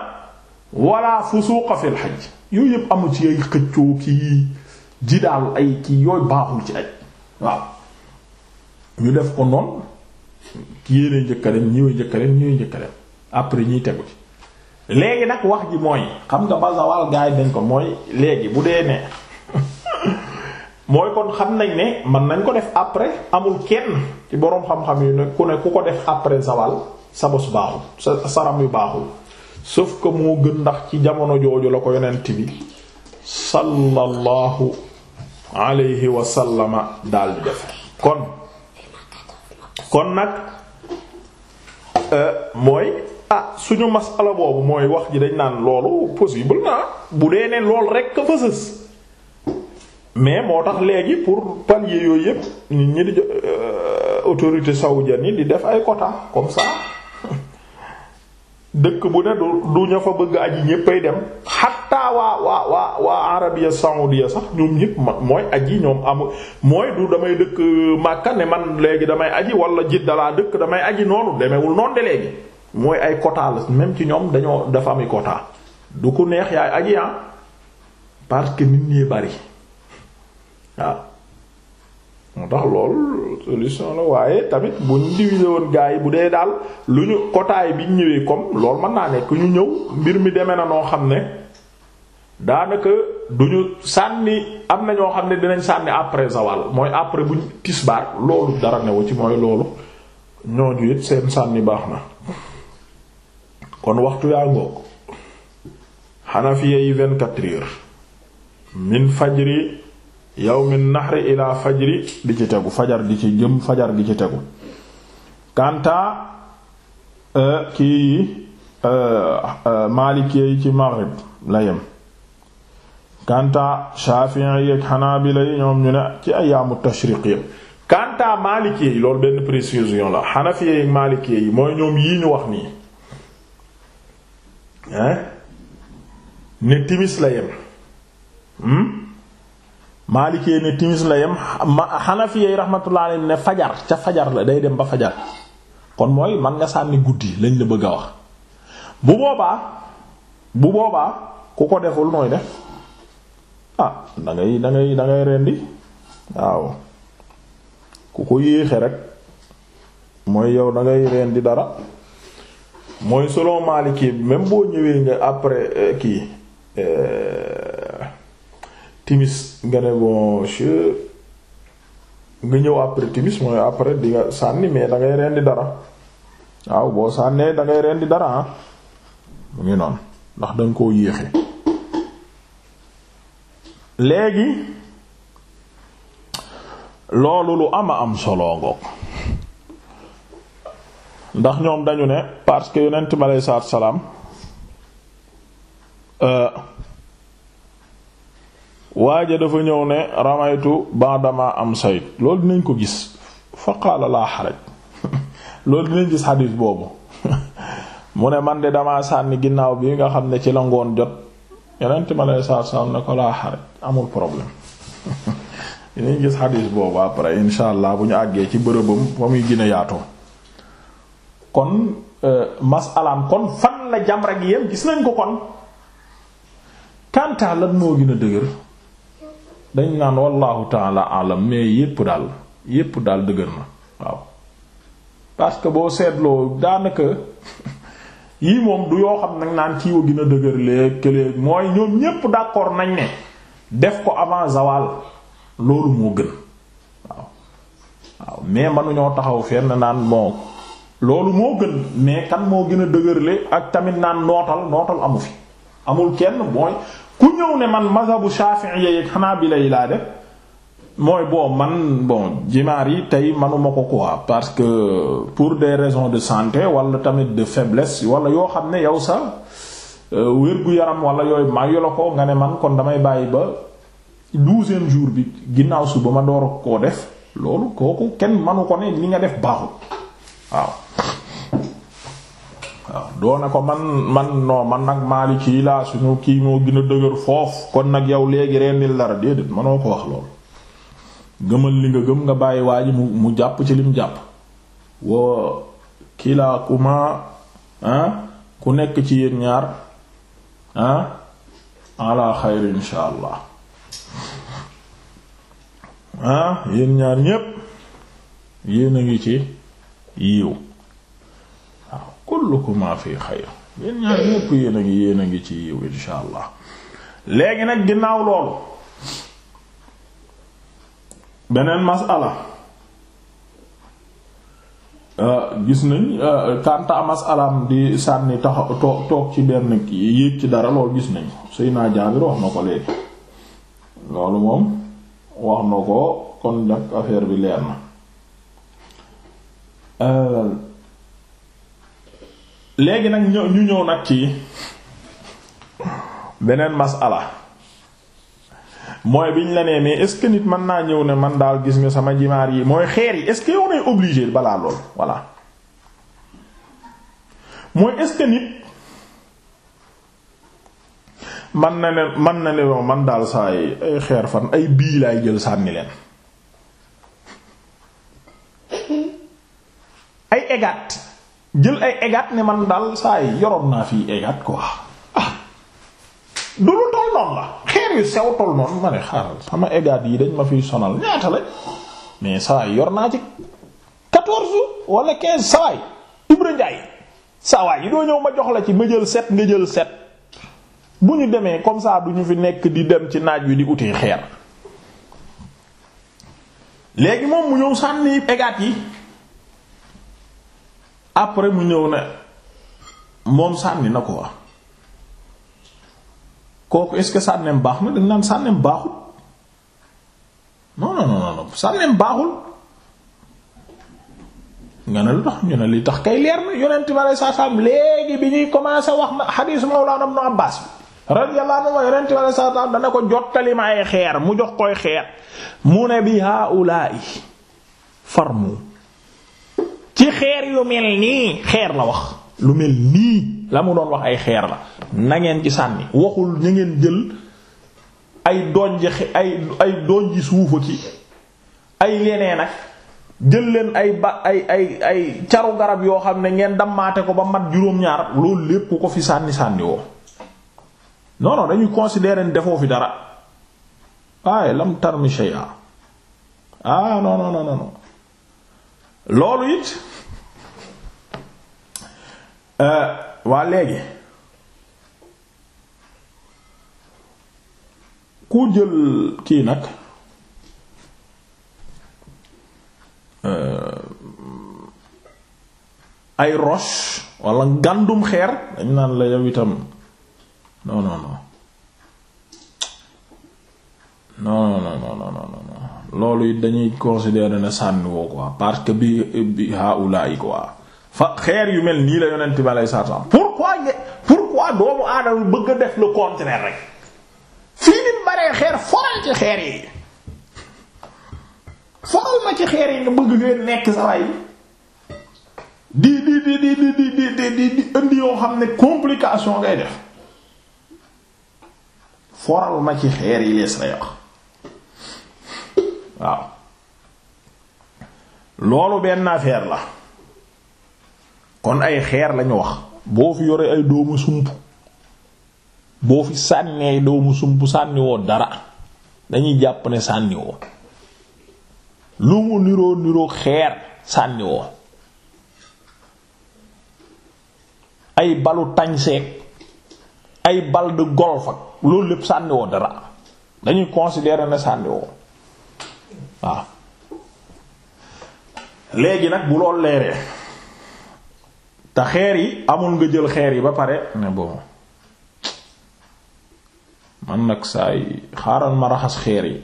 walaa fusuqa fil hajj yooyu yëpp amul ci ay xëccoo kii jidaal ay kii yooyu baaxul ci aj waaw ñu def ko noon ki yéenee njëkk a dem ñiwee njëkk dem après ñiy tegu ci léegi nag wax ji mooy xam nga ba zawal gaay dañ ko mooy léegi bu dee ne mooy kon xam nañ ne mën nañ ko def après amul kenn ci boroom xam-xam yu ne ku ne ku ko def après zawal sa bos baaxul sa saram yu baaxul sauf ko moo gën ndax ci jamono jooju la ko yonent bi sallallahu alayhi wa sallama daal di def kon kon nag euh, mooy ah suñu masala boobu mooy wax ji dañ naan loolu possible bu dee ne lool rekk fa sës mais moo tax léegi pour pallier yooyu yépp nit ñi di euh, autorité saoudienne yi di def ay quota comme ça dëkk bu ne du du ña fa bëgg aji ñéppay dem xatta waa waa waa waa Arabia Saoudia sax ñoom ñépp ma mooy aji ñoom amu mooy du damay dëkk euh, Makka ne man léegi damay aji wala Jidda laa dëkk damay aji noonu demewul noon de léegi mooy ay quota la même ci ñoom dañoo dafa ami quota du ku neex yaay aji ah parce que nit ñi bari waaw moo tax loolu solution la waaye tamit bu ñu diviser woon gars yi bu dee daal lu ñu kotaay bi ñëwee comme loolu mën naa nekk ñu ñëw mbir mi demee na noo xam ne daanaka du ñu sànni am na ñoo xam ne dinañ sànni après zawal mooy après buñ tisbaar loolu dara newu ci mooy loolu ñooñu it seen sànni baax na kon waxtu yaa ngoog Hanafiya yi 24 heures min fajri yawmin nahri faj fajri di ci tegu fajar di ci jëm fajar di ci tegu kanta euh, kii euh, euh, maalikee yi ci maghrib la yem kanta shafi'i ak hanabila yi ñoom ñu ne ci ayaamu tashriq yam kanta maalikee yi loolu benn précision la hanafiyee ak maalikee yi mooy ñoom yii ñu wax nii hein ne timis la yem hmm? maalikee ne timis la yem xanafi yi rahmatullahi alayhi ne fajar ca fajar la day dem ba fajar kon mooy man nga sànni guddi lañ la bëgg a wax bu boobaa bu boobaa ku ko deful mooy def ah da ngay dangay rendi waaw ku ko yéexe rek mooy yow dangay ngay rendi dara mooy selon maalikee même boo ñëwee nga après eh, kii eh, timis nga ne bon che nga ñëw après timis mooy après di sànni mais dangay reen di dara waaw boo sànnee dangay reen di dara ah mu ngi noonu ndax danga koo yéexe léegi loolu lu ama am solo ngoog ndax ñoom dañu ne parce que yonent mi aleyhi salaam euh, waaja dafa ñëw ne ramaytu ba'dama am sayt loolu dinañ ko gis fa qaala laa xaraj loolu dinañ gis xadiis boobu mu ne man de dama sànni ginnaaw bi nga xam ne ci la ngoon jot yeneen ma lay saar saar ne ko laa xaraj amul problème dinañ gis xadiis boobu après insha allah bu ñu àggee ci bërëbam fa muy gën a yaatoo kon euh, masalaam kon fan la jamra gi yem gis nañ ko kon kantaa lan moo gën a dëgër dañ naan wallahu taala alam mais yépp daal yépp daal dëgër na waaw parce que boo seetloo daanaka yii moom du yoo xam nag naan kii wa gën a dëgër léeg këléeg mooy ñoom ñépp d'accord nañ ne def ko avant zawal loolu moo gën waaw waaw mais mënuñoo taxaw fenn naan moo loolu moo gën mais kan moo gën a dëgërle ak tamit naan nootal nootal amu fi amul kenn mooy ku ñëw ne man mazhabu shafi'iyya yeeg hanabila yi laa def mooy boo man bon jimaar yi tey manuma ko quoi parce que pour des raisons de santé wala tamit de faiblesse wala yoo xam ne yow sa euh, wér-gu-yaram wala yooyu mayu la ko nga ne man kon damay bàyyi ba douzième jour bi ginnaaw su ba ma door koo def loolu kooku kenn manu ko ne li nga def baaxul waaw waaw doona ko man man noo man nag Maliki laa suñu kii moo gën dëgër foofu kon nag yow léegi rendil dara déedéet manoo ko wax lool gëmal li nga gëm nga bàyyi waa ji mu mu jàpp ci lim jàpp wa kilaakuma ah ku nekk ci yéen ñaar alaa ah, ala xayr insha allah ah ñaar ñépp yéen a ngi ci yiw kullukuma fi xayr yéen ñaar ñépp yéen a ngi yéen a ngi ci yiw insha allah léegi nag ginnaaw loolu beneen masala euh, gis nañ kanta euh, masalaam di sànni taxaw toog toog ci benn yéeg ci dara loolu gis nañ Seydina Jaabir wax na ko léegi loolu moom wax na ko kon nag affaire bi leer na euh, léegi nag ñu ñëw nag ci beneen masala mooy biñ la nee mais nit mën naa ñëw ne man daal gis nga sama jimaar yi mooy xeer yi est-ce que yow nay obligé balaa lool voilà mooy est-ce nit man na ne man na ne oh, man daal saa ay xeer fan ay bii laay jël sànni leen ay egaat jël ay egat ne man daal saa yi yoroon naa fi egat quoi ah du lu toll noonu la xeer yu sew toll noonu ma ne xaaral sama egat yi dañ ma fi sonal ñaata la mais saa yi yor naa ci quatorze wala quinze saa yi Ibra Ndiaye saa waay yi doo ñëw ma jox la ci ma jël sept nga jël sept bu ñu demee comme ça du ñu fi nekk di dem ci naaj wi di uti xeer léegi moom mu ñëw sànni egat yi. après mu ñëw na moom sànni na ko wax ah. kooku est-ce que sànneem baax na dañ naan sànneem baaxul non non non non sànneem baaxul nga ne lu tax ñu ne li tax kay leer na yonent bi aleyhi salaam léegi bi ñuy commencé wax na xadiis Mawlaana Ibnu Abbaas bi radiyallahu anhu yonent bi dana ko jottali ma xeer mu jox koy xeer mu ne bi haa'ulaa'i farmu ci xeer yu mel nii xeer la wax lu mel nii la mu doon wax ay xeer la nangeen ci sànni waxul ñu ngeen jël ay donji ay ay donji suufa ki ay leneen ak jël leen ay ba ay ay ay caru garab yoo xam ne ngeen dammaate ko ba mat juróom-ñaar loolu lépp ko fi sànni sànni woo non dañuy considérer ne defoo fi dara waaye lam tarmi shay'a ah non non non loolu it euh, waa léegi ku jël kii nag euh, ay roche walla ngàndum xeer dañ naan la yow itam non non non non non non non non non loolu it dañuy considérer ne sànni woo parce que bi bi haula yi quoi fa xeer yu mel nii la yonent bi aleyhi salaatu salaam pourquoi ne pourquoi doomu aadama bëgg def le contraire rek fii ni baree xeer foral ci xeer yi foral ma ci xeer yi nga bëgg leen nekk saa yi di di di di di di di indi yoo xam ne complication ngay def foral ma ci xeer yi lees lay wax. waaw loolu benn affaire la kon ay xeer lañu wax boo fi yore ay doomu sump boo fi sànnee doomu sump sànniwoo dara dañuy jàpp ne sànniwoo lu mu niroo niroo xeer sànniwoo ay balu tañseeg ay bal de golf ak loolu lépp sànniwoo dara dañuy considérer ne sànniwoo waaw léegi nag bu lool leeree te xeer yi amul nga jël xeer yi ba pare ne bon man nag saa yi xaaral ma raxas xeer yi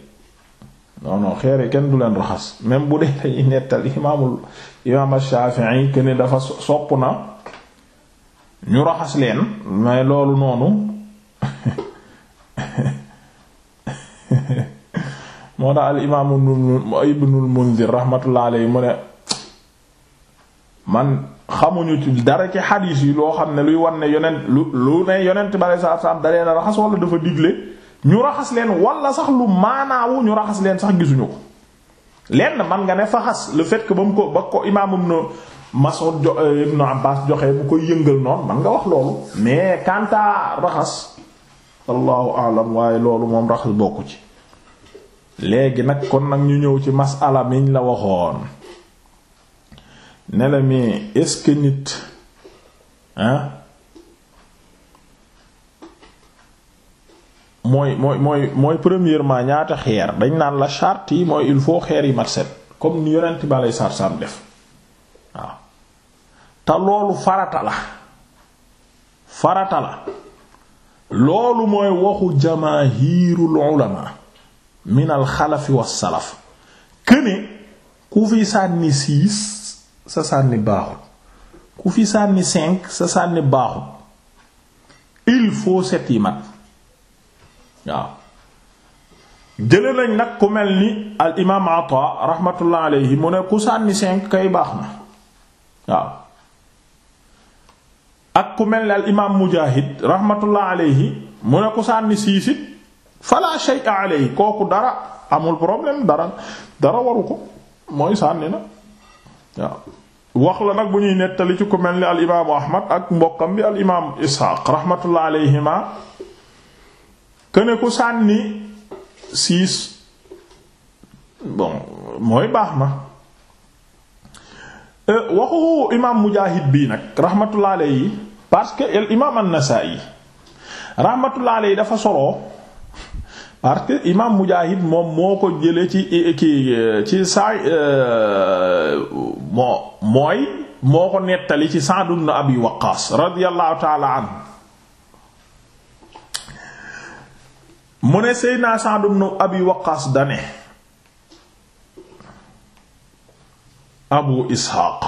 non xeer yi kenn du leen raxas même bu dee dañuy nettali imaamul imaam Shafi'i que dafa sopp na ñu raxas leen may loolu noonu moo tax al imaamu ibnul mundir rahmatullah alayhi mu ne man xamuñu ci dara ci xadiis yi loo xam ne luy wan ne yonent lu lu ne yonent bi aleyhi salaatu salaam da leen raxas wala dafa digle ñu raxas leen walla sax lu maanaawu ñu raxas leen sax gisuñu ko lenn man nga ne faxas le fekk ba mu ko ba ko imaam ibnu Mas'ud eh, ibnu Abbaas joxe bu koy yëngal noonu man nga wax loolu mais kanta raxas allahu alam waaye loolu moom raxas bokku ci léegi nag kon nag ñu ñëw ci masala miñ la waxoon ne la mi est-ce mooy mooy mooy mooy premièrement ñaata xeer dañ naan la charte yi mooy il faut xeer yi mat set comme ni yonent bi aleyhi salaatu salaam def waaw te loolu farata la farata la loolu mooy waxu jamaahiirul ulama minal xalafi was salaf këne ku fi sànni six sa sànni baaxul ku fi sànni cinq sa sànni baaxul il faut set yi mat waaw jële nañ nag ku mel ni al imaam Ataa raxmatullah alayhi mu ne ku sànni cinq kay baax na waaw ak ku mel ni al imaam Mujaahid raxmatullah alayhi mu ne ku sànni six fala shay'a alayhi kooku dara amul problème dara dara waru ko mooy sànni na waaw wax la nag bu ñuy nettali ci ko mel ni al imaamu ahmad ak mbokkam bi al imaamu isxaaq rahmatullah alayhima këne euh, bii nag rahmatullah alayhi parce que al imaam an-nasa'i rahmatullah alayhi dafa solo parce que imaam Mujaahid moom moo ko jëlee ci ki ci saa euh, moo mooy moo ko nettali ci Sa'd ibn Abi Waqqaas radiyallahu ta'ala anhu mu ne Seydina Sa'd ibn Abi Waqqaas dane Abu Isxaaq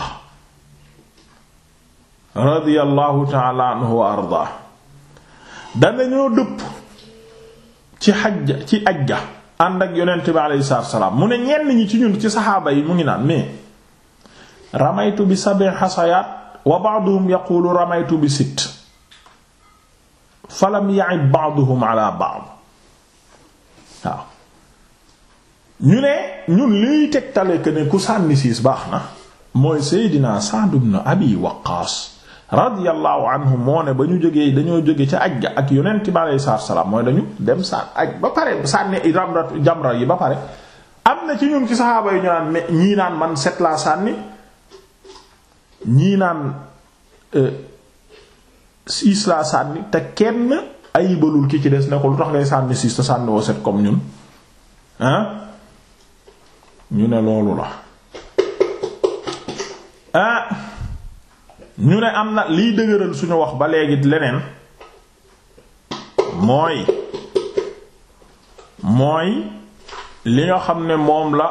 radiyallahu ta'ala anhu wa ardaa dane ñoo dëpp ci xajja ci ajja ànd ak yonent bi alayhi mu ne ñenn ñi ci ñun ci saxaaba yi mu ngi naan mais ramaytu bi sab'i xasayaat wa ba'duhum yaqulu ramaytu bi sitt falam ya'ib ba'duhum ala ba'd waaw ñu ne ñun liy tegtale que ne ku sànni siis baax na mooy Seydina Sa'd ibn Abi Waqqaas radiyallahu anhu moo ne ba ñu jógee dañoo jóge ca aj ga ak yonent bi aleyhi salaatu salaam mooy dañu dem sa aj ba pare sànni jamra jamra yi ba pare am na ci ñun ci saxaaba yu ñu naan mais ñii naan man set laa sànni ñii naan euh, siis laa sànni te kenn ayibalul ki ci des ne ko lu tax ngay sànni siis te sànni woo set comme ñun ah ñu ne loolu la ah! ñu ne am na liy dëgëral suñu wax ba léegi leneen mooy mooy li nga xam ne moom la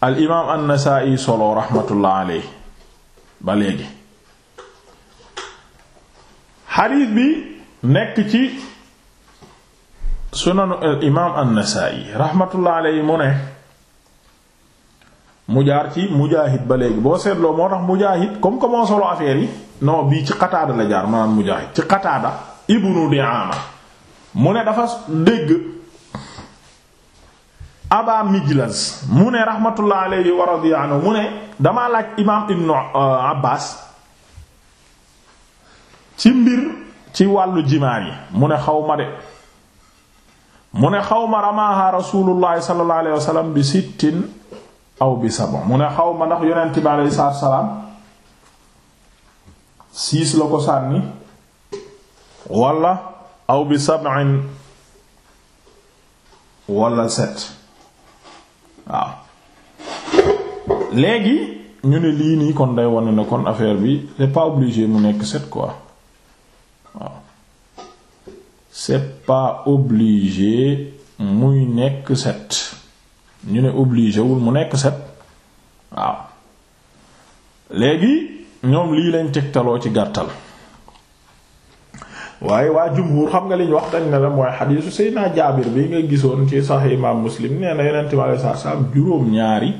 al imaam an-Nasaa'i solo raxmatullah alayhi ba léegi xadiis bi nekk ci sunanu al imaam an-Nasaa'i raxmatullah alayhi mu ne mu jaar ci mujaahid ba léegi boo seetloo moo tax mujaahid comme comme solo affaire yi bii ci qataada la jaar maanaam mujaahid ci qataada ibnu di'ama mu ne dafa dégg aba mijlaz mu ne rahmatullah alayhi mu ne dama laaj imaam ibnu uh, abbas ci mbir ci wàllu jimaar yi mu ne xaw ma de mu ne xaw ma ramaaha rasulullahi sallallahu alayhi wa bi sittin aw bi sabon mu ne xaw ma ndax yonent bi aleyhi salaam siis la ko sànni wala aw bi sab'in wala set waaw léegi ñu ne lii nii kon day wane ne kon affaire bi c'est pas obligé mu nekk set ko waaw c'est pas obligé muy nekk set ñu ne obligé wul mu nekk set waaw léegi ñoom lii lañ tegtaloo ci gàttal waaye waa jumhur xam nga liñ wax dañ ne la mooy xadiisu Seydina Jaabir bi nga gisoon ci Sahih Imaam Muslim nee na Yonent bi alayhi salaam juróom ñaari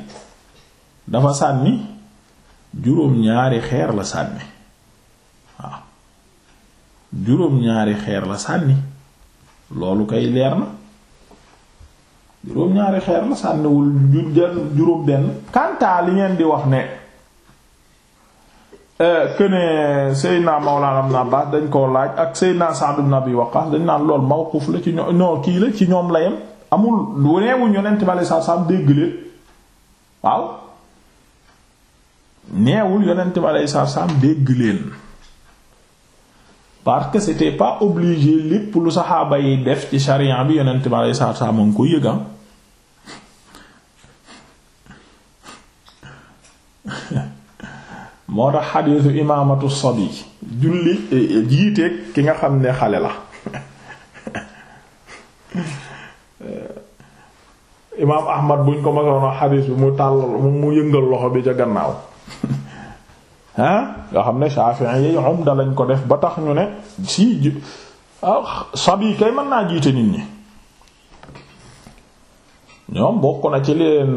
dafa sànni juróom ñaari xeer la sànni waaw juróom ñaari xeer la sànni loolu koy leer na juróom-ñaari xeer la sànniwul juróom benn kantaa li ngeen di wax ne këne euh, Seydina Mawlana Ibn Abbas dañ koo laaj ak Seydina Sa'd ibn Abi Waqqas dañ naa lool mawquf la ci ñoom kii la ci ñoom la yem amul lu neewuñ yonent bi aleyhi salaatu dégg leen waaw neewul yonent bi aleyhi salaatu dégg leen parce que c'était pas obligé lépp lu saxaaba yi def ci charian bi yonent bi aleyhi salaatu salaam ngi ko yëga ah. moo tax xadiisu imaamatu sabi julli eh, eh, jiiteeg ki nga xam ne xale la imaam ahmad buñ ko masoon a xadiis bi mu tàllal mu yëngal loxo bi ca gannaaw ah nga xam ne Shafi'i yi umda lañ ko def ba tax ñu ne si ah sabi kay mën naa jiite nit ñi ñoom bokk na ci leen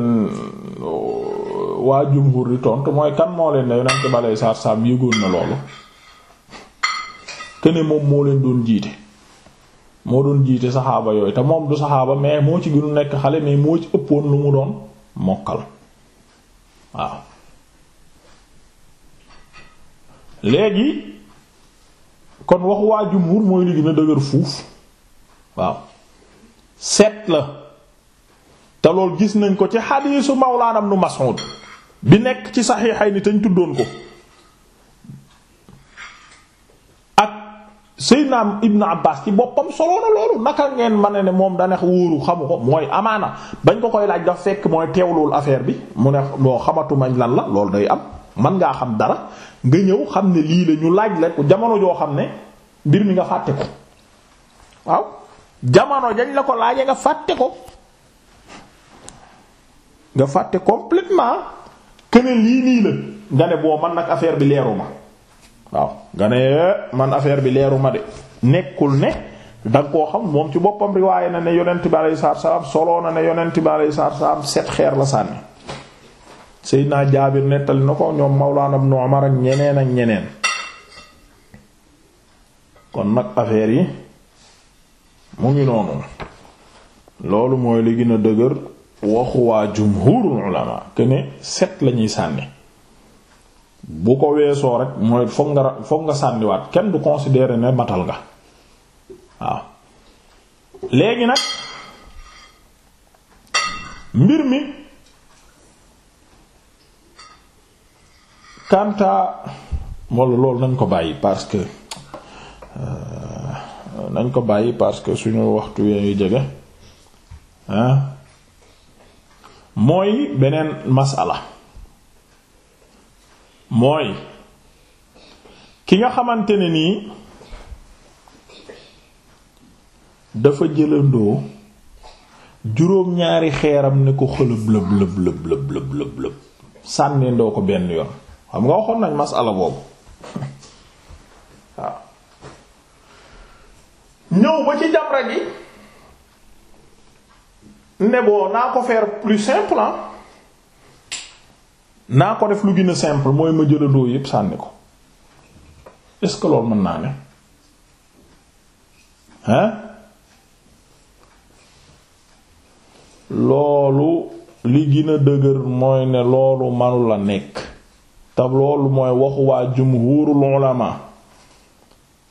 uh, waa jumhur di tontu mooy kan moo leen ne yonent bi alayhi salaatu salaam yëgoon na loolu te ne moom moo leen doon jiite moo doon jiite saxaaba yooyu te moom du saxaaba mais moo ci gënu nekk xale mais moo ci ëppoon lu mu doon mokkal waaw léegi kon wax waa jumhur mooy li gën a dëgër fuuf waaw seet la te lool gis nañ ko ci xadiisu Mawlaana Ibnu Mas'ud bi nekk ci Saxiixayni te ñu tuddoon ko ak Seydina Ibnu Abbaas ci boppam solo loolu naka ngeen mën a ne moom da neex wóoru xamu ko mooy amaana bañ ko koy laaj daf fekk mooy teewlul affaire bi mu ne boo xamatu mañ lan la loolu day am man ngaa xam dara nga ñëw xam ne lii la ñu laaj lañ ko jamono joo xam ne mbir mi nga fàtte ko waaw jamono dañ la ko laaje nga fàtte ko nga fàtte complètement que ne lii la nga ne boo man nag affaire bi leeru ma waaw nga ne eh, man affaire bi leeru ma de nekkul ne danga koo xam moom ci boppam riwaaye na ne yonent bi alayhi salaam solo na ne yonent bi alayhi salaam set xeer la sànni. Seydina Jaabir nettali na ko ñoom Mawlaana Ibnu Umar ak ñeneen ak ñeneen kon nag affaire yi mu ngi noonu loolu mooy li gën a dëgër waxu waa jumhurul ulama que ne set lañuy sànni bu ko weesoo rek mooy foog nga foog sànniwaat kenn du considérer ne matal nga waaw léegi nag mbir mi kanta wala loolu nañ ko bàyyi parce que euh, nañ ko bàyyi parce que suñu waxtu weeyu jege mooy beneen masala mooy ki nga xamante ne nii dafa jëlandoo juróom-ñaari xeeram ne ko xëlëb lëb lëb lëb lëb lëb lëb sànnee ko benn yoon xam nga waxoon nañ masala boobu waaw ñëw ba ci jamra gi ne naa ko faire plus simple ah. naa ko def lu gën simple mooy ma jëlandoo yépp sànni ko est-ce que loolu mën naa ne hein loolu li gën a dëgër mooy ne loolu manu la nekk te loolu mooy waxu waa jumhurul ulama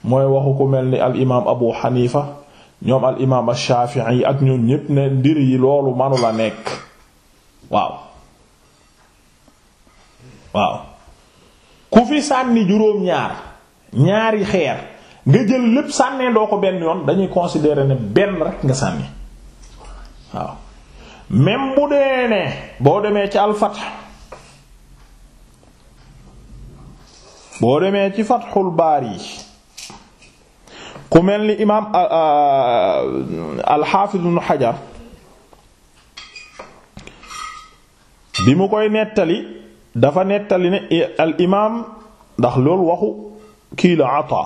mooy waxu ku mel ni al imaam Abu Hanifa ñoom al imaam Shaafi'i yi ak ñoom ñépp ne ndir yi loolu manu la nekk waaw waaw ku fi sànni juróom-ñaar ñaari xeer nga jël lépp sànnee doo ko benn yoon dañuy considérer ne benn rek nga sànni waaw même bu dee ne boo demee ci alfat boo demee ci baar yi ku mel ni imaam ah, ah, al-Hafiz Ibn bi mu koy nettali dafa nettali ne eh, al imaam ndax loolu waxu kii la Ata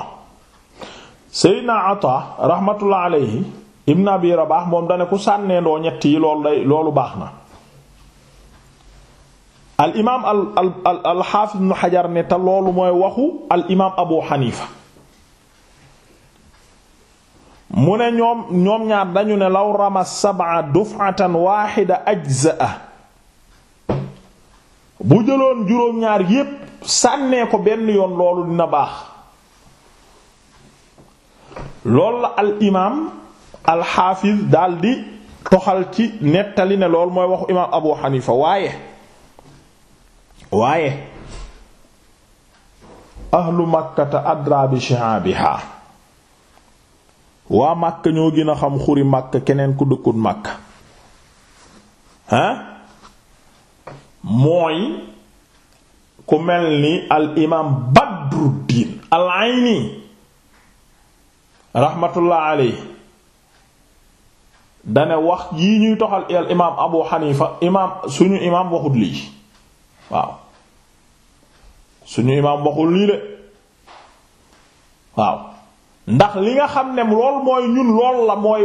Seydina Ata rahmatullah alayhi Ibn Abi Rabah moom dane ku sànnee ndoo ñett yi loolu day loolu baax na al imaam al al al al xaafis ibnu xajar ne te loolu mooy waxu al imaam abu xanifa mu ne ñoom ñoom ñaar dañu ne law rama sab'a duf'atan waaxida ajza'a bu jëloon juróom-ñaar yépp sànnee ko benn yoon loolu dina baax loolu la al imaam al xaafis daldi toxal ci nettali ne loolu mooy waxu imaam abu xanifa waaye waaye ahlu makkata adra bi shi'abiha waa màkk ñoo gën a xam xuri màkk keneen ku dëkkut màkk ah mooy ku mel ni al imaam badruddin al ayni rahmatullah alayhi dane wax yi ñuy toxal al imaam abu xanifa imaam suñu imaam waxut lii waaw suñu imaam waxul lii de waaw ndax li nga xam ne lool mooy ñun lool la mooy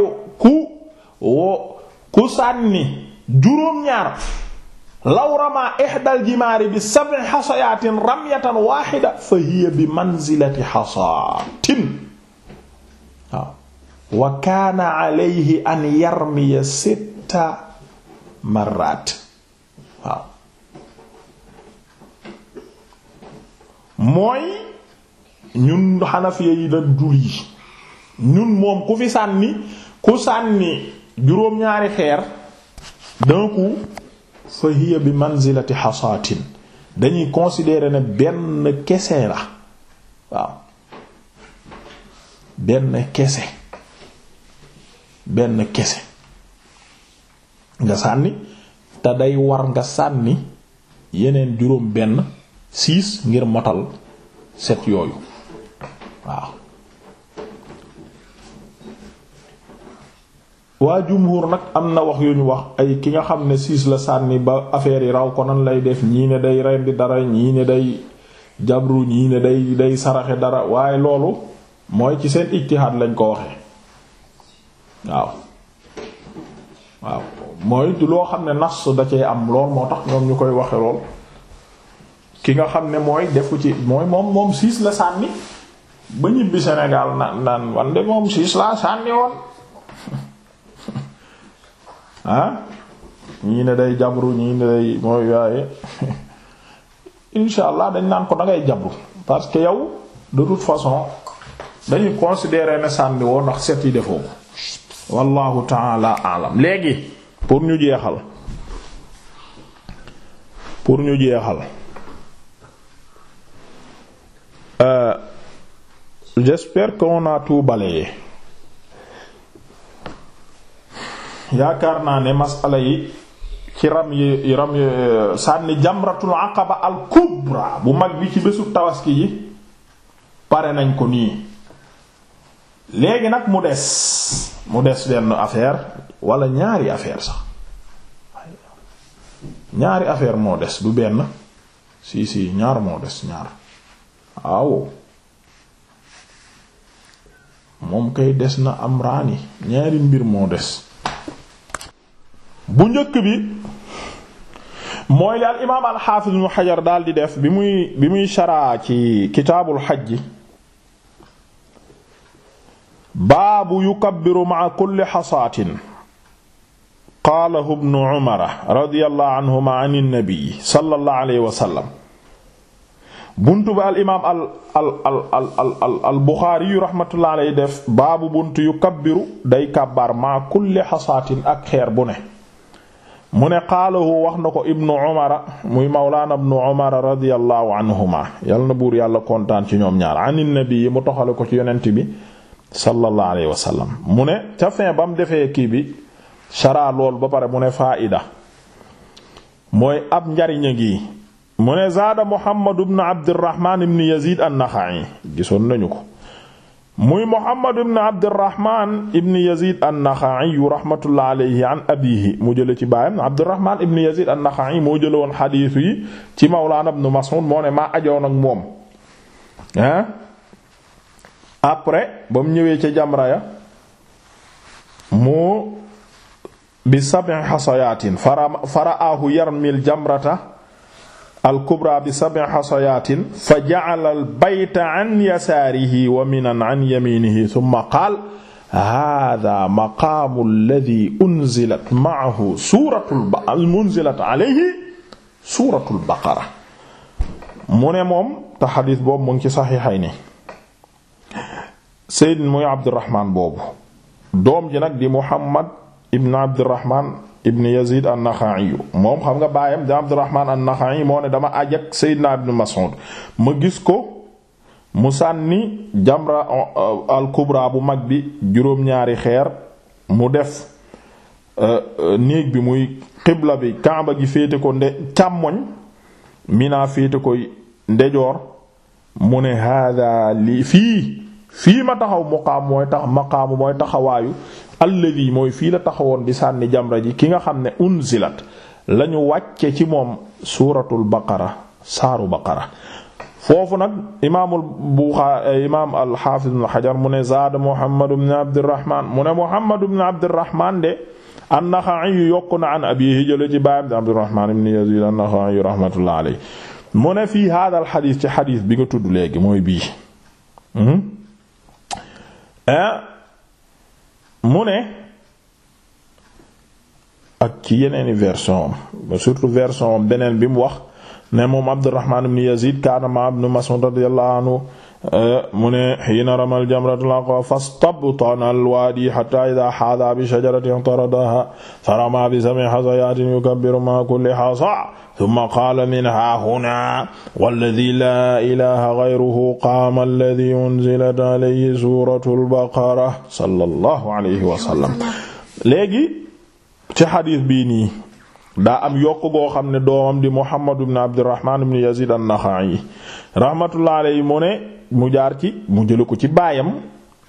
ku sànni juróom-ñaar law ramaa ihdal bi sab'i xasayaatin ramyatan waaxida fa hiya bi manzilati xasaatin waaw wa kaana alayhi an yarmiya sitta marraat mooy ñun xanafiya yi la dul yi ñun moom ku fi sànni ku sànni juróom-ñaari xeer d'un coup fa hiya bi manzilati xasaatin dañuy considérer ne benn kese la waaw benn kese benn kese nga sànni te day war nga sànni yeneen juróom benn six ngir motal set yooyu waaw waa jumhur nag am na wax yu ñu wax ay ki nga xam ne siis la sànni ba affaire yi raw ko lay def ñii ne day rendi dara ñii ne day jabru ñii ne day day saraxe dara waaye loolu mooy ci seen ijtihaad lañ ko waxe waaw waaw mooy loo xam ne nas da cee am lool moo tax ñoom ñu koy waxe lool ki nga xam ne mooy defu ci mooy moom moom siis la sànni ba ñibbi Sénégal na naan wan de moom siis laa sànni woon ah ñii ne day jabru ñii ne day mooy waaye insha allah dañ naan ko dangay jabru parce que yow de toute façon dañuy considérer ne sànni woon ndax set yi defoo ko wallahu taala alam léegi pour ñu jeexal pour ñu jeexal Euh, j'espère qu'on a yaakaar naa ne masala yi ci ram yi ram yi sànni jamratul aqaba al bu mag bi ci bésu tawaski yi pare nañ ko nii léegi nag mu des mu des benn affaire wala ñaari affaire sax ñaari affaire moo des du benn si si ñaar moo des ñaar waaw moom kay des na amraani ñaari mbir moo des bu njëkk bi mooy li al imaam alxaafiz ibnu xajar daal di def bi muy bi muy sharaa ci kitaabul xajji baabu yukabbiru ma'a kulli xasaatin qaalahu ibnu umara radiyallahu anhuma an nabi sallallahu alayhi wa buntu ba al imaam al al al al al yu rahmatullah alayhi def baabu bunt yu kabbiru day kabbar maa kulli xasaatin ak xeer bu ne. mu ne qaalahu wax na ko ibnu Umar muy mawlaana ibnu Umar radiyallahu anhuma yal na buur yàlla kontaan ci ñoom ñaar an nabi mu toxale ko ci yonent bi sallallahu alayhi wa mu ne ca fin ba mu defee kii bi saraa lool ba pare mu ne faa'ida mooy ab njariña ngi. mu ne zaada muhammad ibn abdirahman ibn yazid an-naxa'i gisoon nañu ko muy muhammad ibn abdirahman ibn yazid an-naxa'i rahmatullah alayhi an mu jële ci baayam abdirahman ibn yazid an-naxa'i moo jële woon xadiis yi ci mawlaana ibn mas'ud moo ne maa ajoon ak moom ah ba mu ñëwee ca jamra ya mu bi sab'i xasayaatin fara faraahu yarmil jamrata alkubra bi sabi xasayatin fa jacala albayta an yasaarihi wa minan an yaminihi summa qaal hada maqaamu alladi unzilat maahu suuratul unzilat alayhi suuratul baqara mu ne moom te xadis boobu mu ngi ci saxiixayni sayyid muy Abdurahmaan boobu doom ji nag di Muhammad ibn Abdurahmaan ibn yazid an-Naxa'i moom xam nga baayam di moo ne dama àjj ak Seydina ibn Mas'ud ma gis ko mu sànni jamra euh, al-kubra bu mag bi juróom-ñaari xeer mu def euh, euh, néeg bi muy xibla bi kaaba gi féete ko nde càmmoñ mina féete koy ndejoor mu ne hada lii fii fii ma taxaw muqaam mooy tax maqaamu mooy taxawaayu alladi mooy fii la taxawoon di sànni jamra ji ki nga xam ne unzilat lañu wàcce ci moom suuratul baqara saaru baqara foofu nag imaamul buxaari imaam alxaafiz ibn xajar mu ne zaada muhammad ibn abdirahman mu ne muhammad ibn abdirahman de annaxa'i yokku na an abiihi jële ci baayam di abdirahman ibn yazid annaxa'i rahmatullah alayhi fii haadal xadiis ci xadiis bi nga tudd léegi mooy bii hmm? eh? mu ne ak ci yeneeni version surtout version beneen bi mu wax ne moom Abdurrahman ibn Yazid kaana ma ibn Mas'ud radiyallahu anhu eh, mu ne hiina ramal jamratul aqaba fastabtana alwaadi hatta idha haada bi shajaratin taradaha farama bi sab'i hasayatin yukabbiru ma kulli hasa tumma qaala min haahunaa walladii laa ilaaha gayruhu qaama alladii unzilat alayhi suuratul baqara sallallahu alayhi wa sallam. léegi ci xadiis bii nii daa am yokk goo xam ne doomam di Muhammad ibn Abdurrahmaan ibn Yaziid an-Naxa'i rahmatullahi alayhi mu ne mu jaar ci mu jële ko ci baayam.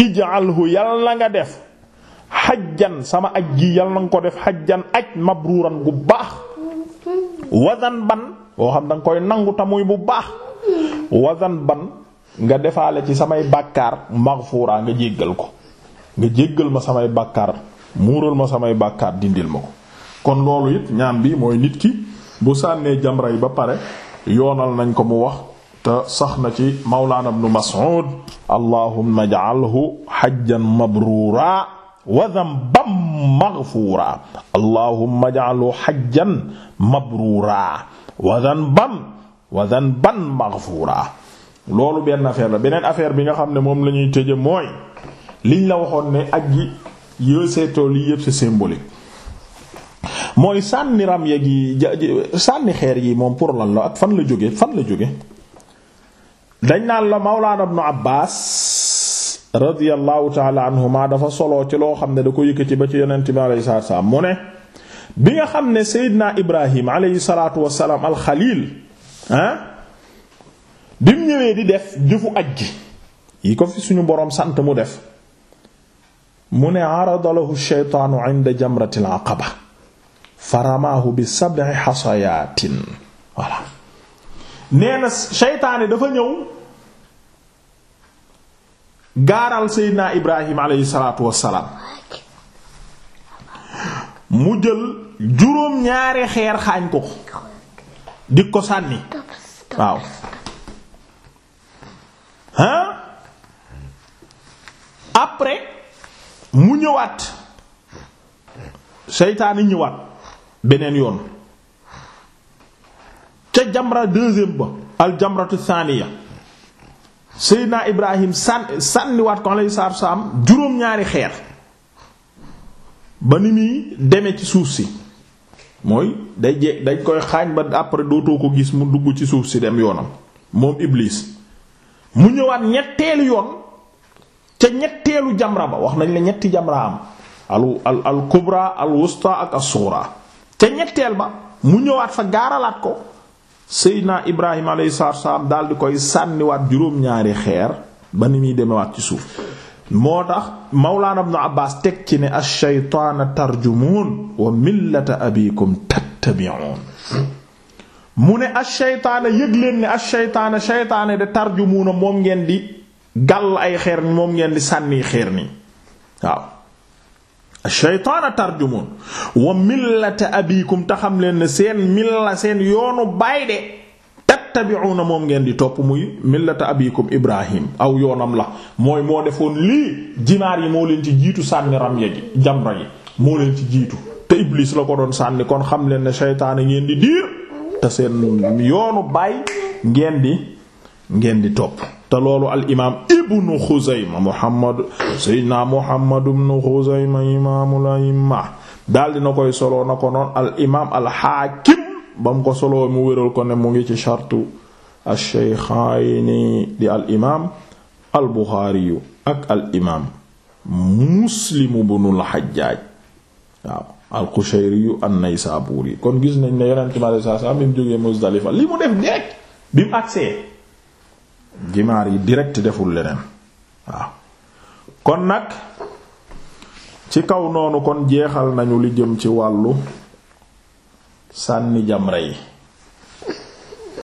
ij'alhu yal na nga def xajjan sama aj gi yal na nga ko def xajjan aj mabruuran bu baax wazan ban boo xam danga koy nangu tamuy bu baax wazan ban nga defaale ci samay bàkkaar fuuraa nga jéggal ko nga jéggal ma samay bàkkaar muural ma samay bàkkaar dindil ma ko kon loolu it ñaan bi mooy nit ki bu sànnee jamra yi ba pare yoonal nañ ko mu wax te sax na ci mawlaana ibnu Mas'ud allahumma ja'alhu hajjan mabruura wa dhanban maghfuura allahumma ja'alhu hajjan mabruura wa dhanban wa dhanban maghfuura loolu benn affaire la beneen affaire bi nga xam ne moom la ñuy tëje mooy liñ la waxoon ne ak gi yoo seetoo lii yëpp c'est mooy sànni ram yeeg sànni xeer yi moom pour lan la ak fan la jóge fan la jóge dañ naan la mawlaana ibnu Abbaas radiyallahu taala dafa solo ci loo xam ne da ko yëkkati ba ci yonent bi alayhi salaatu wasalaam mu ne bi nga xam ne Seydina Ibrahim alayhi salaatu wasalaam alxaliil ah, bi mu ñëwee di def jëfu ajj yi ko fi suñu boroom sant mu def mu ne arada lahu sheytaanu inda jamratil aqaba nee na seytaane dafa ñëw gaaral seydinaa ibrahim aleyhi salaatu wassalaam mu jël juróom ñaari xeer xaañ ko di ko sànni waaw hein après mu ñëwaat seytaane ñëwaat beneen yoon ca jamra deuxième ba al jamratu thaniya seydina ibrahim sàn sànniwaat ko alayhi salaatu salaam juróom-ñaari xeer ba ni muy deme ci suuf si mooy day je dañ koy xaañ ba après dootoo ko gis mu dugg ci suuf si dem yoonam moom iblis mu ñëwaat ñetteelu yoon ca ñetteelu jamra ba wax nañ la ñetti jamra am al al al kubra al wusta ak as-sughra ca ñetteel ba mu ñëwaat fa gaaralaat ko seydna ibrahim alayhi salaatu wasalaam daal di koy sànniwaat juróom-ñaari xeer ba ni muy demewaat ci suuf moo tax mawlaana ibnu abbaas teg ci ne ash-shaytaana tarjumuun wa millata abikum tattabi'uun mu ne ash-shaytaana yëg leen ne ash-shaytaana de tarjumuuna moom ngeen di gàll ay xeer ni moom ngeen di sànni xeer ni waaw shaytaana tarjumoon wa millata abikum te xam leen ne seen milla seen yoonu baay de tattabi'una moom ngeen di topp muy millata abikum ibrahim aw yoonam la mooy moo defoon lii jimaar yi moo leen ci jiitu sànni ram ya ji jamra yi moo leen ci jiitu te iblis la ko doon sànni kon xam leen ne shaytaana ngeen di diir te seen yoonu baay ngeen di ngeen di topp te loolu al imaam ibnu Xuzayma Muhammad Seydina Muhammad ibnu Xuzayma imaamul a'imma daal dina koy solo na ko noon al imaam al xaakim ba mu ko solo mu wéral ko ne mu ngi ci shartu ash-shaykhayni di al imaam al Buxaari ak al imaam Muslim ibnul Hajjaaj waaw al-Qushayri an-Naysaburi kon gis nañ ne Yonent bi sallallahu alayhi bi mu jógee Muzdalifa li mu def direct bi mu agsee jimaar yi direct deful leneen waaw kon nag ci kaw noonu kon jeexal nañu li jëm ci wàllu sànni jamra yi